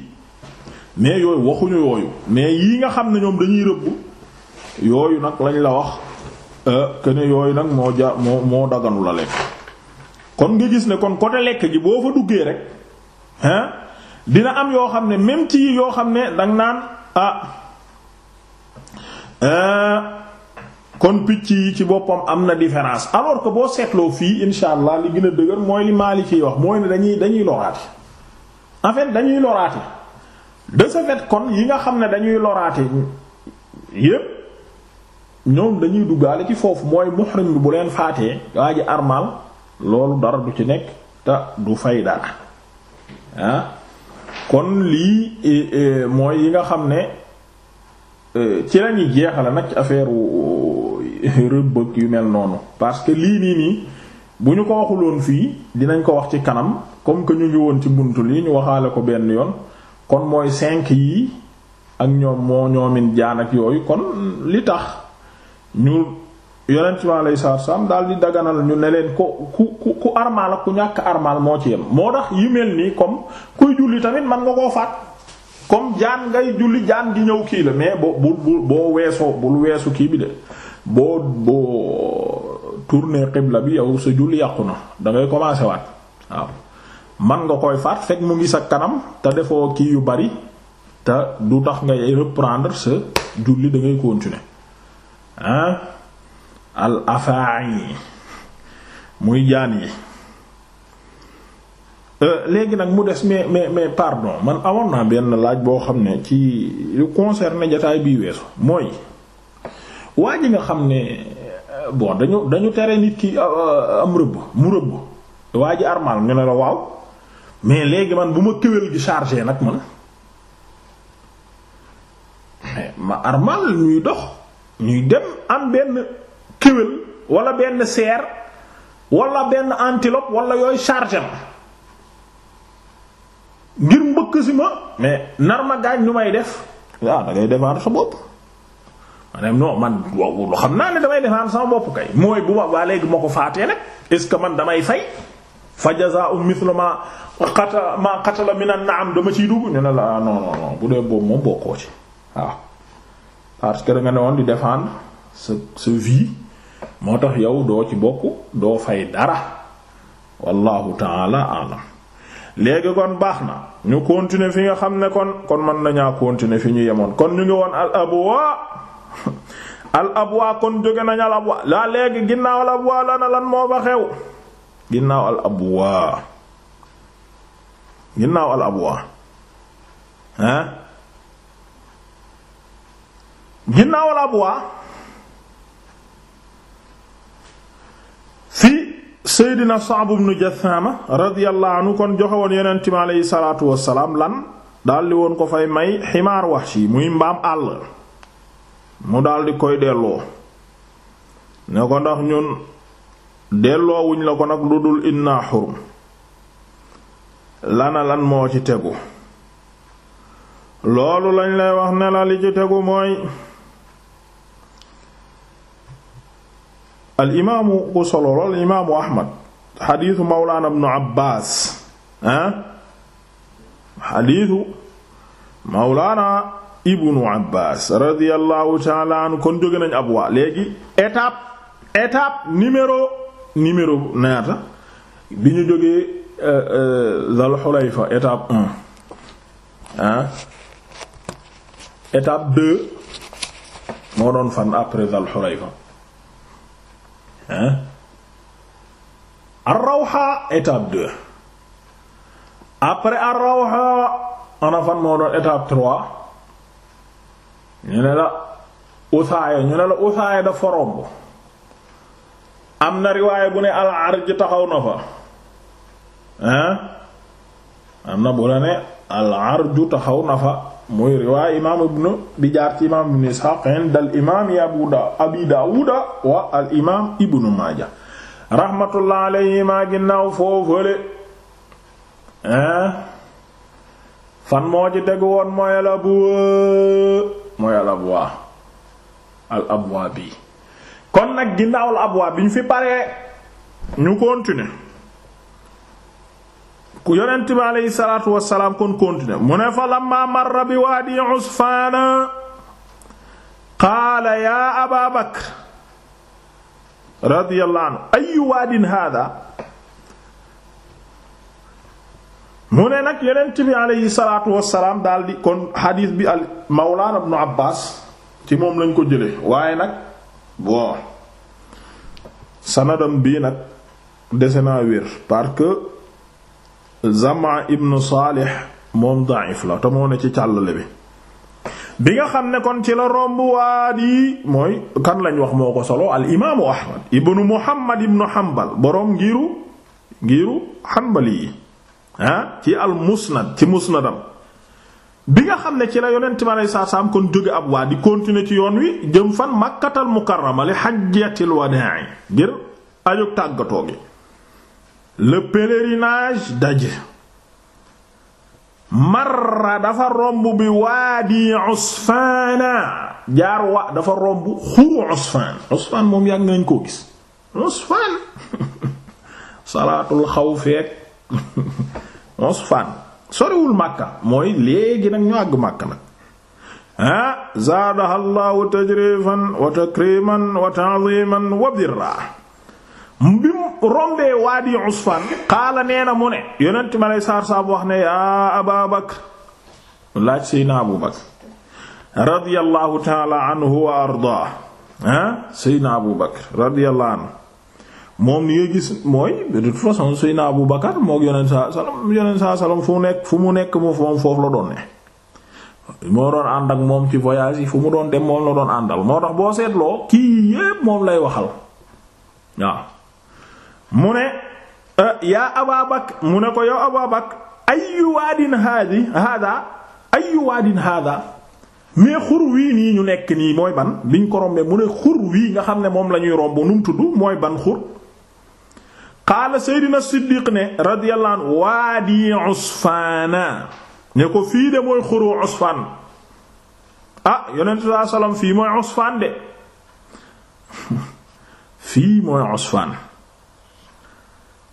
mais yooyu waxuñu yooyu mais yii nga xam ne ñoom dañuy rëbb yooyu nag lañ la wax euh, que ne yooyu nag moo ja moo moo daganu la lekk kon nga gis ne kon côté lekk gi boo fa duggee rek hein dina am yoo xam ne même ci yoo xam ne danga naan ah. Euh, kon picc yi ci boppam am na différence alors que boo seetloo fii insha allah li gën dëgër mooy li Maalik yi wax mooy ne dañuy dañuy loraate en fait dañuy loraate de ce kon yi nga xam ne dañuy loraate yépp ñoom dañuy duggaale ci foofu mooy muhrim bu leen faatee waa ji armal loolu dara du ci nekk te du fay dara ah kon lii eh, eh, mooy yi nga xam ne Euh, ci lañuy jeexale nag affaire euh, rëbbëg yu mel noonu parce que lii nii nii bu ñu ko waxuloon fii dinañ ko wax ci kanam comme que ñu ngi woon ci bunt lii ñu waxaale ko benn yoon kon mooy cinq yi ak ñoom moo ñoomin jaan ak yooyu kon li tax ñu yonent mi alayhi salaatu salaam daal di daganal ñu ne leen ko ku ku ku armaal ak ku ñàkk armaal moo ci yem moo tax yu mel nii comme kuy julli tamit man nga koo faat comme jaan ngay julli jaan di ñëw kii la mais boo bul boo weesoo bul weesu kii bi de boo boo tourner xibla bi yow sa julli yàqu na da commencer waat waaw man nga koy faat fekk mu ngi sa kanam te defoo kii yu bari te du tax ngay reprendre sa julli dangay ngay continuer ah al afaa'i muy jaan yi Euh, léegi nag mu des mais mais mais pardon man amoon naa benn laaj boo xam ne ci lu concerne jataay bii weesu mooy waa ji nga xam ne euh, bon dañu dañu tere nit ki euh, am rëbb mu rëbb waa ji armal ñu ne la waaw mais léegi man bu ma kéwél di chargé nag man ma armal ñuy dox ñuy dem am benn kéwél wala benn seer wala benn antilope wala yooyu chargé la ngir mbëkk si ma mais nar ma gaañ lu may def waaw ah, da ngay défendre sa bopp maanaam non man waaw xam naa ne damay défendre sama bopp kay mooy bu ma waa léegi ma ko faatee nag est-ce que man damay fay fa jazaa'u mithlu ma qatala ma qatala min an-na'am dama ciy dugg ñu ne la ah, non non bu dee boobu moom bokkoo ci waaw ah. parce que da ne woon di défendre sa sa vie moo tax yow doo ci bokk doo fay dara wallahu ta'ala a'lam léegi kon baax na ñu continuer fi nga xam ne kon kon mën nañaa continuer fi ñu yemoon kon ñu ngi woon al abwa al abwa kon jóge nañ al abwa laa léegi ginnaaw al abwa lan moo fa xew ginnaaw al abwa ginnaaw hein ginnaaw al abwa fii Seydina Sa'b ibn Jathama radiyallahu anhu kon joxe woon yonent mi aleyhi salaatu wassalaam lan daldi woon ko fay may ximaar wahshi muy mbaam àll mu daldi koy delloo ne ko ndax ñun delloo wuñ la ko nag lu dul inna xurum lana lan moo ci tegu loolu lañ lay wax ne ci tegu mooy al imaamu ku solo lool al imaamu Ahmad xadiisu Mawlaana ibnu Abbaas ah xadiisu ibnu Abbaas radiyallahu taala kon jóge nañ ab waa léegi étape étape numéro numéro naata bi ñu jógee Zal euh, euh, Xulayfa étape un ah? étape deux moo doon fan après Zal Xulayfa hein ar-Rawha étape après ar-Rawha ana fan moo doon étape 3 ñu ne la Usaaya ñu ne la Usaaya da foromb am na riwaaya bu ne al-Arj taxaw na fa hein am na bu la ne al-Arj taxaw na fa muy riwaay imaam ibnu bi jaar ci imaam ibnu Isxaaq ind al imaam Abu da Abi Daawuda wa al imaam ibnu Maaja rahmatullah alayhima ginnaaw foofale fan moo ci tegu woon mooy al abwaa mooy al abwaa bi kon nag ginnaaw al abwaa bi ñu fi paree ñu continuer ku yonent bi aleyhi wassalaam kon continue mu ne fa lamma marra bi waadi usfaana qaala yaa aba bakr radiyallahu anhu ayu waadin hada mu ne nag yonent bi aleyhi salaatu wassalaam daal di kon xadiis bi al mawlaana ibnu abbaas ci moom lañ ko jële waaye nag bon sanadam bii nag dese naa wér Zamaa ibn Saalih moom da'if la te moo ne ci càllale bi bi nga xam ne kon ci la romb waadi mooy kan lañ wax moo ko solo al imaamu Ahmad ibnu Muhammad ibnu Hanbal boroom ngiru ngiru Hanbali yi ci al musnad ci musnadam bi nga xam ne ci la yonent mi aleyhi salaatu salaam kon jóge ab waadi continuer ci yoon wi jëm fan Makkatal Mukarrama li hajjatil wadaa ngir ajog tàggatoo gi le pèlerinage daje marra dafa romb bi waadi usfaana jaar wa dafa romb xuru usfaan usfaan moom yàgg nañ koo gis usfaan salaatul xawfeek usfaan soriwul màkka mooy léegi nag ñu àgg màkka nag ah zaadaha allahu tajrifan wa takriman wa ta'ziman wa birra bi mu rombee waadi usfan qaala nee na mu ne yonent ma lay saar saabu wax ne yaa aba bakr laaj seydna abu bakr radiyallahu taala anhu wa ardaa ah seydna abu bakr radiyallahu anhu moom ni yonent saa salaam yonent fu nekk fu mu nekk moom foofu la doon ne moo doon ànd ak moom ci voyage yi fu mu doon dem moom la doon àndal moo tax boo seetloo kii yépp moom lay waxal waaw mu ne eh, yaa Abaa mu ne ko yow Abaa Bakr ayyu waadin haadi haadaa ayyu waadin xur wii nii ñu nekk nii mooy ban biñ ko rombee mu ne xur wii nga xam ne moom la ñuy romb nu mu tudd mooy ban xur qaala Seydina Siddiq ne radiyallahu anhu waadi Usfaana ne ko fii de mooy xuru Usfaan ah yonent sallallahu fii mooy Usfaan de fii mooy Usfaan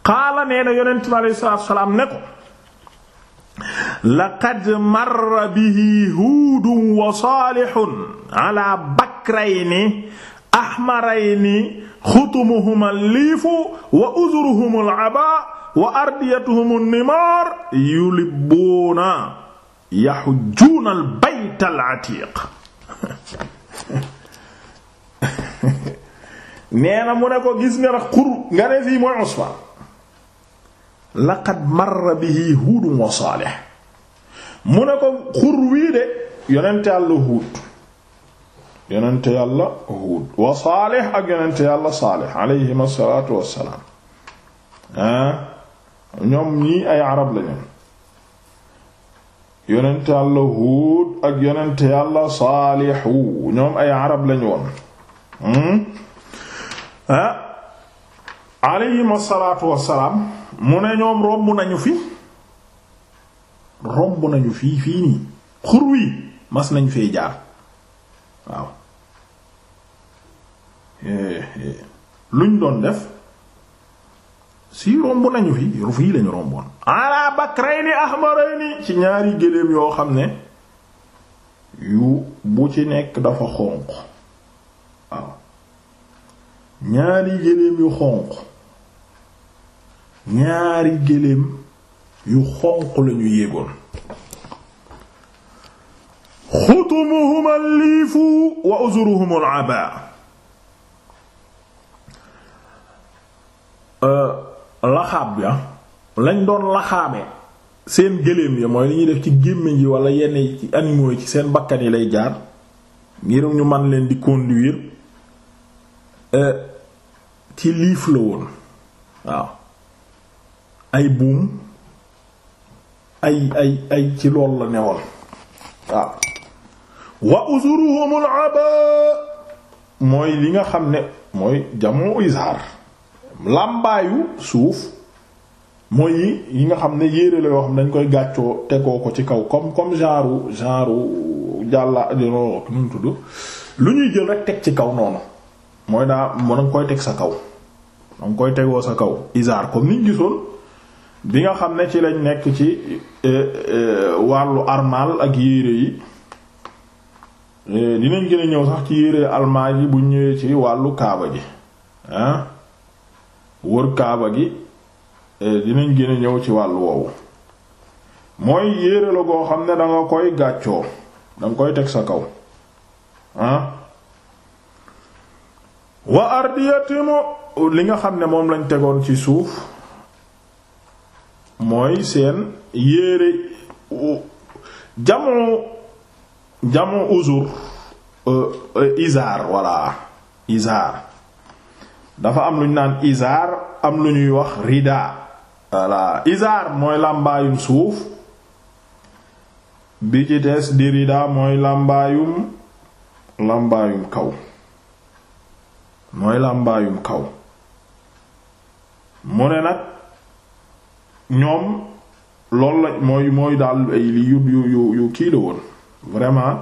qaala nee na yonent bi aleyhi salaatu wa salaam ne ko laqad marra bihi huudun wa saalihun ala bakrayni ahmarayni xutumuhuma liifu wa uzuruhumu al-abaa wa ardiyatuhumu nimaar yulibbuuna yahujjuuna al-bayta al-atiiq nee na mu ne ko gis nga xur nga ne fii mooy Usfaan laqad marra bihi huudun wa saalih mu ne ko xur wii de yonente yàlla huud yonente yàlla huud wa saalih ak yonente yàlla saalih alayhim asalaatu wassalaam ah, ñoom ñii ay ñoom ay arab lañu woon hmm? ah alayhim asalaatu wassalaam mu ne ñoom romb nañu fi romb nañu fii fii nii xur wi mas nañ fee jaar waaw eh, eh. luñ doon def si romb nañu fi fii lañu romboon ala bakrayni ahmarayni ci ñaari gëléem yoo xam ne yu bu ci nekk dafa xonq waaw ñaari gëléem yu xonq ñaari gëléem yu xonq lañu yéegoon xutumuhuma liifu wa uzuruhumul aba euh, laxaab ya lañ doon laxaame seen gëléem ya mooy li ñuy def ci gémmiñ yi wala yenn ci animaux yi ci seen bakkan yi lay jaar ngir ñu man leen di conduire euh, ci liif la woon waaw ay buum ay ay ay ci lool la newoon waaw wa usuruhumul aba mooy li nga xam ne mooy jamu izar làmbaayu suuf mooy yi nga xam ne yére la yoo xam ne dañ koy gàccoo tegoo ko ci kaw comme comme genre genre jàlla nu mu tudd lu ñuy jël rek teg ci kaw noonu mooy daa mën nga koy teg sa kaw danga koy tegoo sa kaw izar comme niñ gisoon bi nga xam ne ci lañ nekk ci eh, eh, wàllu armal ak yére yi eh, dinañ gën a ñëw sax ci yére almaaj yi bu ñëwee ci wàllu kaaba gi ah, wër kaaba gi dinañ gën a ñëw ci wàll woowu mooy yére la goo xam ne danga koy gàccoo danga koy teg sa kaw ah wa li nga xam ne moom lañ tegoon ci suuf mooy seen yéere jamu jamu uzur e, e, izaar walla izaar dafa am lu ñu naan izaar am lu ñuy wax rida walla izaar mooy làmbaayum suuf bi ci des di rida mooy làmbaayum làmbaayum kaw mooy làmbaayum kaw mu ne nag ñoom loolu la mooy mooy daal yu yu yu kii la woon vraiment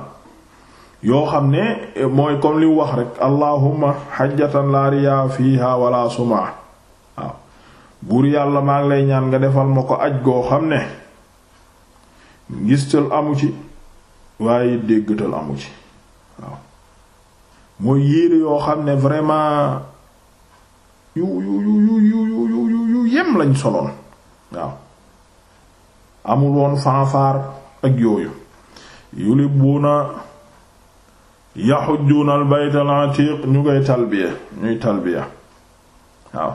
yoo xam ne mooy comme li wax rek allahumma hajjatan la riya fiha wala suma waaw buur yàlla maa ngi lay ñaan nga defal ma ko aj goo xam ne ngistal amu ci waaye déggatal amu ci waaw mooy yéere yoo xam ne vraiment yu yu yu yu yu yu yem lañ soloon waaw amul woon fanfaar ak yooyu yulibuna yaxujjuna al bayt al atiq ñu ngay talbiya ñuy talbiya waaw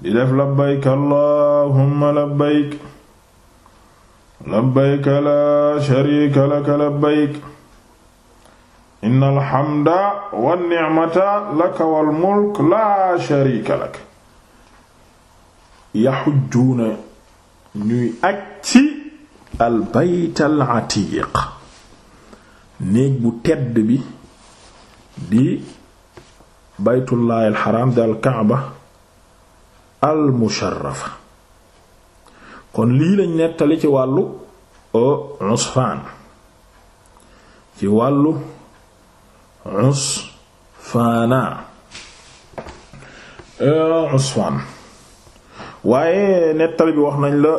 di def labbayk allahumma labbayk labbayk la sharika laka labbayk innal hamda wan ni'mata laka wal mulk la sharika laka yaxujjuuna ñuy aj ci al bayt al atiq néeg bu tedd bi di baytullahi al xaram di al kaaba al musharrafa kon lii lañ nettali ci wàllu euh, usfaan ci wàllu usfaana euh, usfaan waaye nettali bi wax nañ la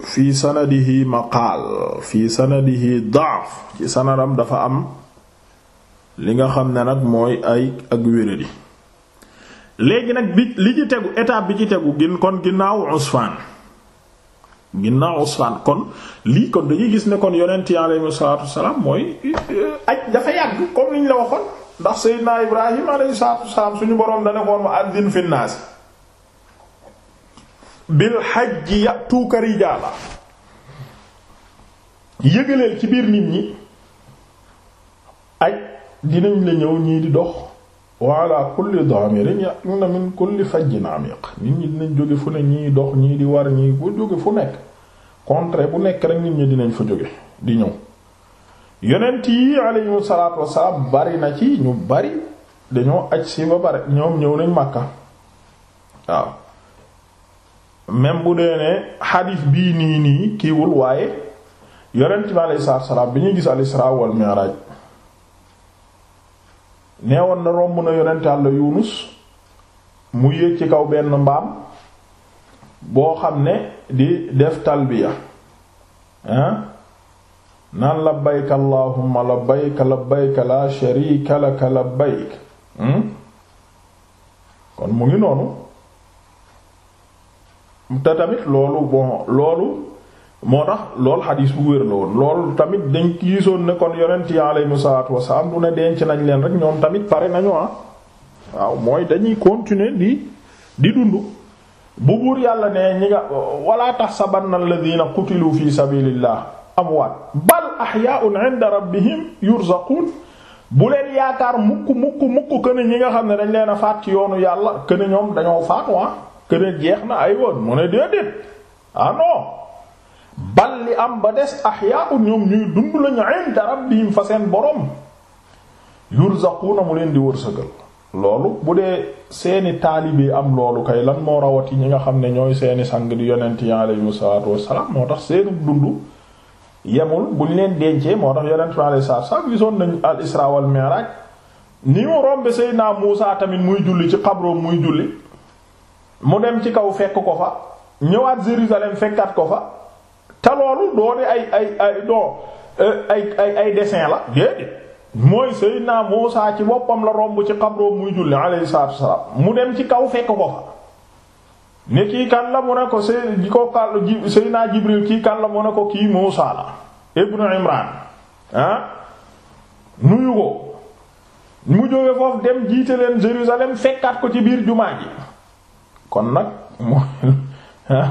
fii sanadihi maqaal fii sanadihi daaf ci sanadam dafa am li nga xam ne nag mooy ay ak wéradi léegi nag bi li ci tegu étape bi ci tegu gin kon ginnaaw usfan ginnaaw usfan kon lii kon dañuy gis ne kon yonent yi aleyhim salatu wasalaam mooy aj dafa yàgg comme niñ la waxoon ndax Seydina Ibrahim aleyhi salatu wasalaam suñu boroom dane koon ma addin finnaasi bil hajji yatuuka rijaala yëgaleel ci biir nit ñi aj dinañ la ñëw ñii di dox wa ala kulli daamirin ya'tuna min kulli fajjin amiq nit ñi dinañ jóge fu ne ñii dox ñii di war ñii bu jóge fu nekk contrée bu nekk rek nit ñi dinañ fa jóge di ñëw yonent yi alayhi salaatu wassalaam bari na ci ñu bari dañoo aj si ba bare ñoom ñëw nañ Makka waaw même bu dee ne xadiis bii nii nii kiiwul waaye yonent bi alayhi salaatu salaam bi ñuy gis al isra wal mi'raj neewoon na romb na yonent Yàlla Yunus mu yéeg ci kaw benn mbaam boo xam ne di def talbiya ah naan labbayka allahumma labbayka labbayka la sharika laka hmm? kon mu ngi noonu te tamit loolu bon loolu moo tax loolu xadiis bu wér la woon loolu tamit dañ gisoon ne kon yonent yi alayhimu salaatu wasalaam du ne denc nañ leen rek ñoom tamit pare nañu ah mooy dañuy continuer di di dund bu yàlla ne ñi nga wala tahsabanna alladhina qutilu fi sabilillah amwaat bal ahyaa'un 'inda rabbihim yurzaquun bu leen yaakaar mukk mukk mukk kën ñi nga xam ne dañ leen a faat ci yoonu yàlla kën ñoom dañoo faat waa ah. këne jeex na ay woon mu ne déedéet ah non bal li am ba des ahyaa'un ñoom ñuy dund lañu inda rabbihim fa seen borom yurzaquuna mu leen di wërsëgal loolu bu dee seeni taalibe am loolu kay lan moo rawati ñi nga xam ne ñooy seeni sang di yonent yi alayhimu salaatu wassalaam moo tax seeni dund yemul buñ leen dencee moo tax yonent bi alayhi salaatu wassalaam gisoon nañ al isra wal mi'raj ni mu rombe Seydina Muusaa tamit muy julli ci xabroom muy julli mu dem ci kaw fekk ko fa ñëwaat Jérusalem fekkaat ko fa te loolu doo di ay ay ay doo euh, ay ay dessin la déedéet mooy Seydina Muusaa ci boppam la romb ci xabroom muy julli alayhi salaatu wassalaam mu dem ci kaw fekk ko fa ne kii kan la mu ne ko sey ko kal Seydina Jibril kii kan la mu ne ko kii Muusaa la ibnu Imraan ah nuyu ko mu jóge foofu dem jiite leen Jérusalem fekkaat ko ci biir jumaa ji kon nag mooy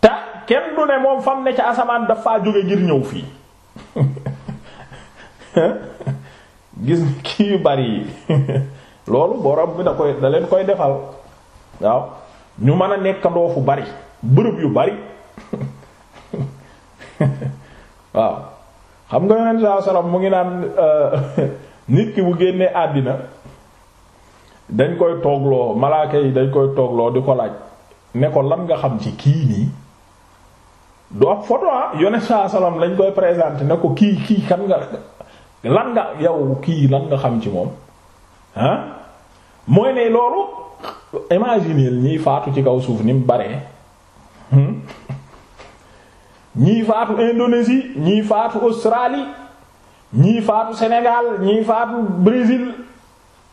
te kenn du ne moom fam ne ca asamaan dafa jóge ngir ñëw fii gis ni kii yu bari yi loolu borom bi da koy da koy defal waaw ñu mën a nekkandoo fu bari bërëb yu bari waaw xam nga yonent sallallahu alayhi wasallam mu ngi naan euh, nit ki bu génnee àddina dañ koy toogloo malaaka yi dañ koy toogloo di ko laaj ne ko lan nga xam ci kii nii du ab photo ah yone salaam lañ koy présenté ne ko kii kii kan nga lan nga yow kii lan nga xam ci moom ah mooy ne loolu imaginer ñiy faatu ci kaw suuf ni mu baree hmm? ñii faatu Indonésie ñii faatu Australie ñii faatu Sénégal ñii faatu Brésil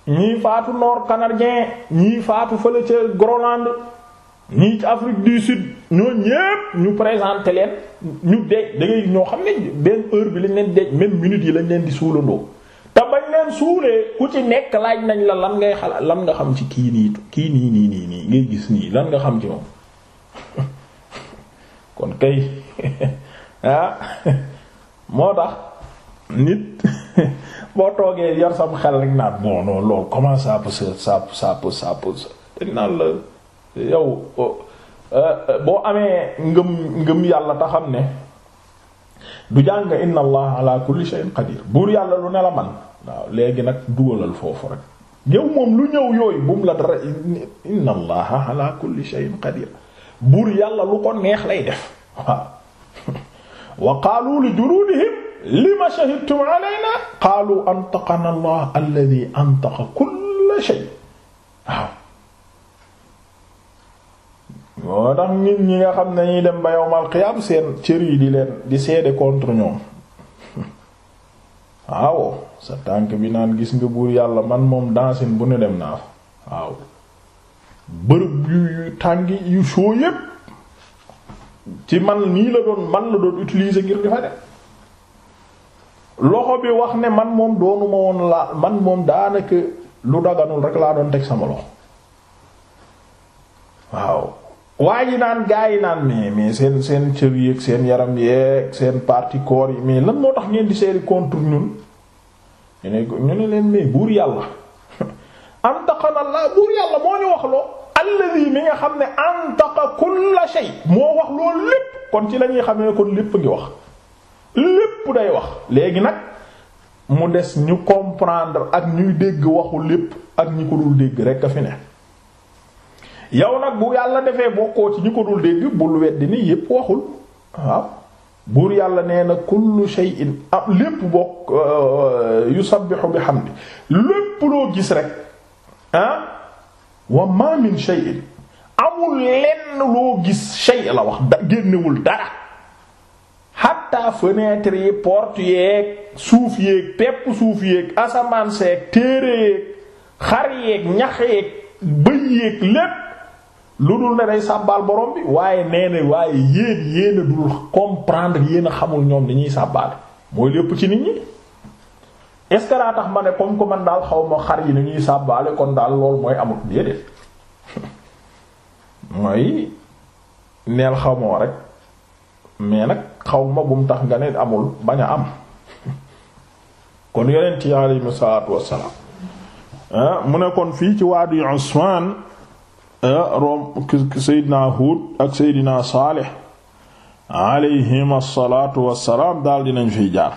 ñii faatu nord canadien ñii faatu fële ca Groenland ñii ci Afrique du Sud ñoo ñépp ñu présenté leen ñu de da ñoo xam ne benn heure bi lañ leen deej même minute yi lañ leen di suulandoo te bañ leen suulee ku ci nekk laaj nañ la lan ngay xalaat lan nga xam ci kii nii kii nii nii nii nii ngay gis nii lan nga xam ci moom kon kay ah moo tax nit boo toogee yar sam xel rek naan non non loolu comment ça peut ça ça peut ça la yow oh, euh, boo amee ngëm ngëm yàlla ta ne du jàng inna allah ala kulli shay'in qadir buur yàlla lu ne la man waaw léegi nag dugalal foofu rek yow moom lu ñëw yooyu bu mu la dara inna allah ala kulli shay'in qadir buur yàlla lu ko neex lay def waaw wa qaalu li juludihim lima shahidtum alayna qaalu antaqana allah alladhi antaqa kull shay waaw moo tax nit ñi nga xam ne ñuy dem ba yowmal qiyaam seen cër yi di leen di seede contre ñoom waaw sa tànk bi naan gis nga buur yàlla man moom dansin bu ne dem naa fa waaw bërëb yu tàngi yu soo yépp ci man nii la doon man la doon utilise ngir di fa dem loxo bi wax ne man moom doonu ma woon laa man moom daanaka lu daganul rek laa doon teg sama loxo waaw waa ji naan gaa yi naan mais mais seen seen cër yeeg seen yaram yeeg seen parti corps yi mais lan moo tax ngeen di seeri contre ñun ñu ne ñu ne leen mais buur yàlla antaqana la buur yàlla moo ñu wax loo alladhi mi nga xam ne antaqa kulla shay moo wax loolu lépp kon ci lañuy xam ne kon lépp ngi wax lépp day wax léegi nag mu des ñu comprendre ak ñuy dégg waxu lépp ak ñi ko dul dégg rekk a fi ne yow nag bu yàlla defee bokkoo ci ñi ko dul dégg bul weddi ni yépp waxul waaw buur yàlla nee na kullu shay'in am ah, lépp bokk euh, yusabbihu bihamdi lépp loo gis rek ah wa ma min shay'in amul lenn loo gis shay la wax da génnewul dara xatta fenêtre yi porte yeeg suuf yeeg pepp suuf yeeg asamaan téere yeeg xar yeeg ñax yeeg bëy yeeg lépp lu dul ne sàbbaal borom bi waaye nee na waaye yéen yéen a dul comprendre yéen xamul ñoom dañuy sàbbaal mooy lépp ci nit ñi est tax ma ne comme que man daal xaw ma xar yi nañuy sàbbaale kon daal loolu mooy amul déedéet mooy neel xaw ma rek mais nag. xaw ma bu mu tax nga ne amul bañ am kon yonent yi aleyhim salaatu wassalaam ah, mu ne kon fii ci waadi Usmaan ah, rom Seydina Huud ak Seydina Saalih alayhim salaatu wassalaam daal dinañ fiy jaar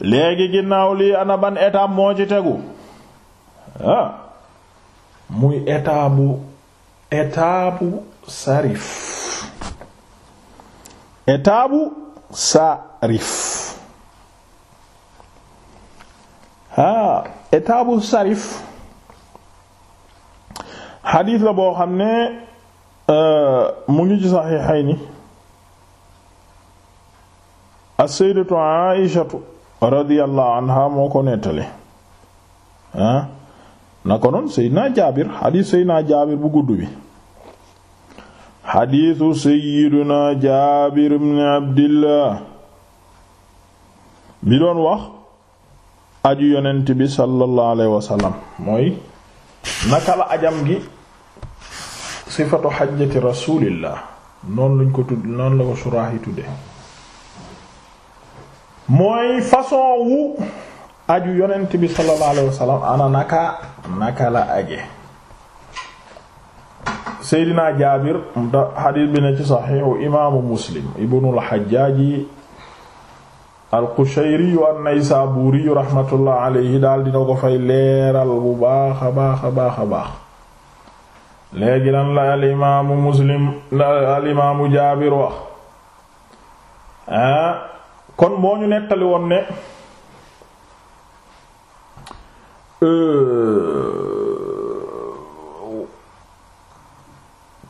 léegi ginnaaw lii ana ban étape moo ci tegu ah, muy étape bu étape bu sarif etaabu sarif haa etaabu sarif xadiis la boo xam ne euh, mu ngi ci saxiixayni as-sayyidatu Aïshatu radiyallahu anha moo ko nettali haa na ko noon naa jaabir xadiis seydinaa jaabir bu gudd bi xadiisu sayyiduna jaabir ibn abdillah bi doon wax aju yonent bi sallallahu alayhi mooy naka la ajam gi sifatu xajjati rasulillah noonu lañ ko tudd noonu la ko suraax tudde mooy façon wu aju yonent bi sallallahu alayhi ana naka naka la aje Seydina Jaabir da xadiis bi ne imaamu Muslim ibnul Xajjaaji al-Qushayri an-Naysaabuuri daal dina ko fay leeral bu baax a baax a baax a baax Muslim la Jaabir wax ah, woon euh,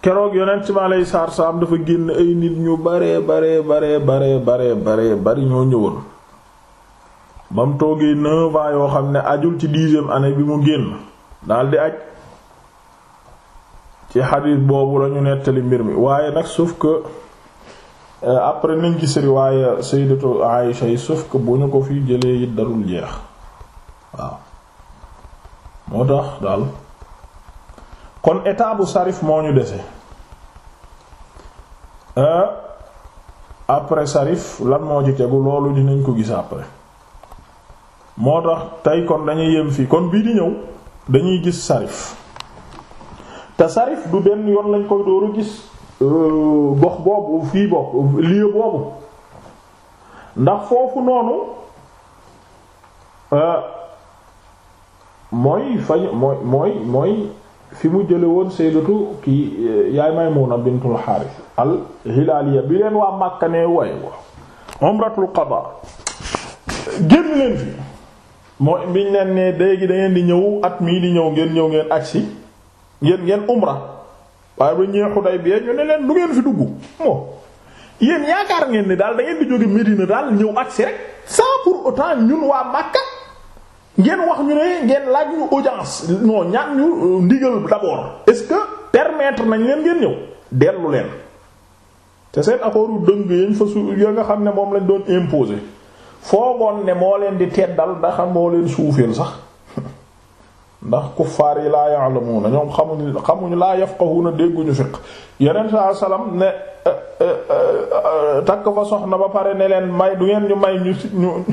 keroog yonent bi alayhi salaatu salaam dafa génn ay nit ñu bare bare bare bare bare bare bari ñoo ñëwoon ba mu toogee yoo xam ne ajul ci dixième année bi mu génn dal di aj ci xadiis boobu lañu nettali mbir mi waaye nag suuf que euh, après nañ gis riwaaya sayyidatu Aïsha yi sauf que bu ñu ko fi jëlee it darul jeex waaw moo tax daal kon état bu sarif moo ñu dese Euh, après sarif lan moo ci tegu loolu dinañ ko gis après moo tax tey kon dañuy yem fii kon bii di ñëw dañuy gis sarif te sarif du benn yoon lañ koy dooru gis euh, gox boobu fii bokk lieu boobu ndax foofu noonu euh, mooy fañ mooy mooy mooy fi mu jële woon sayyidatu kii yaay Maymuna bintul Haaris al Hilaaliya bi leen waa Makka ne way wa umratul qada génn leen fi moo biñ leen ne léegi da ngeen di ñëw at mii di ñëw ngeen ñëw ngeen agsi ngeen ngeen umra waaye ba ñëwee Xudaybiya ñu ne leen du ngeen fi dugg moo yéen yaakaar ngeen ni daal da ngeen di jóge Medina daal ñëw agsi rek sans pour autant ñun waa Makka ngeen wax ñu ne ngeen laaj ñu audience non ñaan ñu euh, ndigal d'abord est-ce que permettre nañ leen ngeen ñëw dellu leen te seen accord yu dëng yañ fa su ya nga xam ne moom lañ doon foo foogoon ne moo leen di teddal ndax moo leen suufeel sax ndax kuffaar yi laa ya'lamuuna ñoom xamuñu xamuñu laa yafqahuuna dégguñu fiq yeneen saa salaam ne euh, euh, takk fa soxna ba pare ne leen may du ngeen ñu may ñu ñu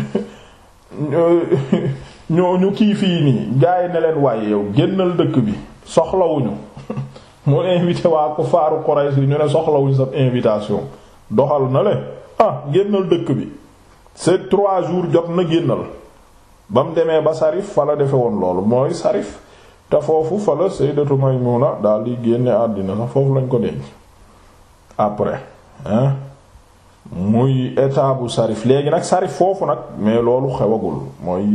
ñooñu kii fii nii gaay ne leen waaye yow génnal dëkk bi soxlawuñu mu invité waa ku faaru Quraysh ñu ne soxlawuñu sa invitation doxal na le ah génnal dëkk bi c'est trois jours jot na génnal ba mu demee ba Sarif fa la defe woon loolu mooy Sarif te foofu fa la Sayyidatu Maymuna daal di génne àddina sax foofu lañ ko denc après hein muy état bu sarif léegi nag sarif foofu nag mais loolu xewagul mooy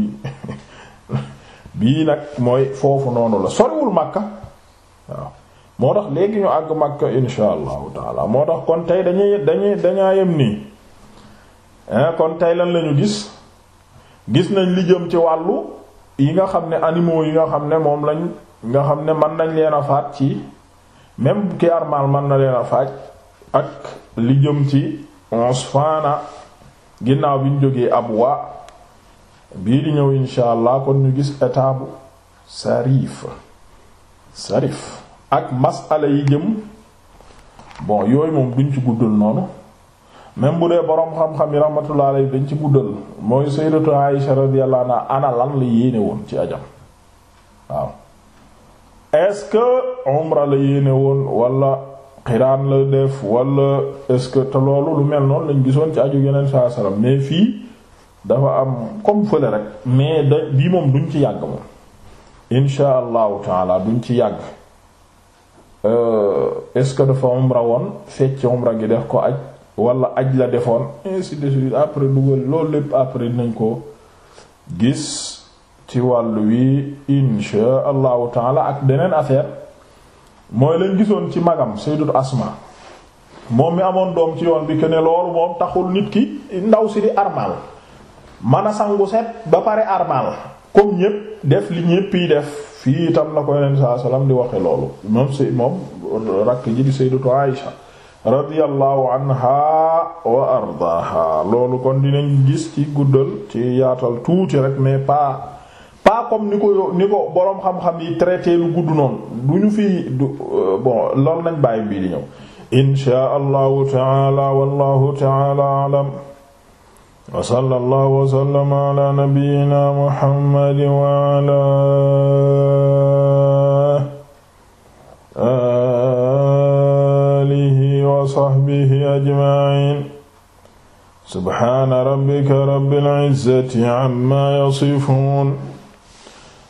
bii nag mooy foofu noonu la soriwul makka waaw moo tax léegi ñu àgg makka insha allahu taala moo tax kon tey dañuy dañuy dañaa yem nii eh, kon tey lañ lañu gis gis nañ li jëm ci wàllu yi nga xam ne animaux yi nga xam ne moom lañ nga xam ne man nañ leen a faat ci même ki armal mën na leen a faaj ak li jëm ci Usfaana ginnaaw bi ñu jógee Abwa bii di ñëw insha allah kon ñu gis étape Sarif Sarif ak masala yi jëm bo yooyu moom duñ ci guddal noonu même dee boroom xam-xam yi rahmatullah alayhi dañ ci guddal mooy sayyidatu Aisha radiyallahu anha ana lan la yéene woon ci ajam waaw est umra la yéene woon wala xiraan la def wala est-ce que te loolu lu mel noonu lañ gisoon ci aju yeneen saa salaam mais fii dafa am comme fële rek mais da bii moom duñ ci yàgg moom insha allahu taala duñ ci yàgg euh, est-ce que dafa umra woon fecc umra gi def ko aj wala aj la defoon ainsi de après dugal loolu lépp après nañ ko gis ci wàll wi insha allahu taala ak beneen affaire mooy leen gisoon ci magam sayyidatu Asma moom mi amoon doom ci yoon bi que ne loolu moom taxul nit ki ndaw si di armal man a sangu set ba pare armal comme ñépp def li ñépp yi def fii itam la ko yeneen saa salaam di waxe loolu moom si moom rakk ji di sayyidatu Aïsha radiyallahu anha wa ardaaha loolu kon dinañ gis ci guddal ci yaatal tuuti rek mais pas pas comme ni ko ni ko boroom xam-xam yi traité lu gudd noonu du ñu fi du euh, bon loolu nañ bàyyi bii di ñëw inshaa allahu taala wallahu taala alam wa sallallahu wa sallama ala nabiyyina muhammad wa ala alihi wa sahbihi ajma'in subhaana rabbika rabbil izzati amma yasifun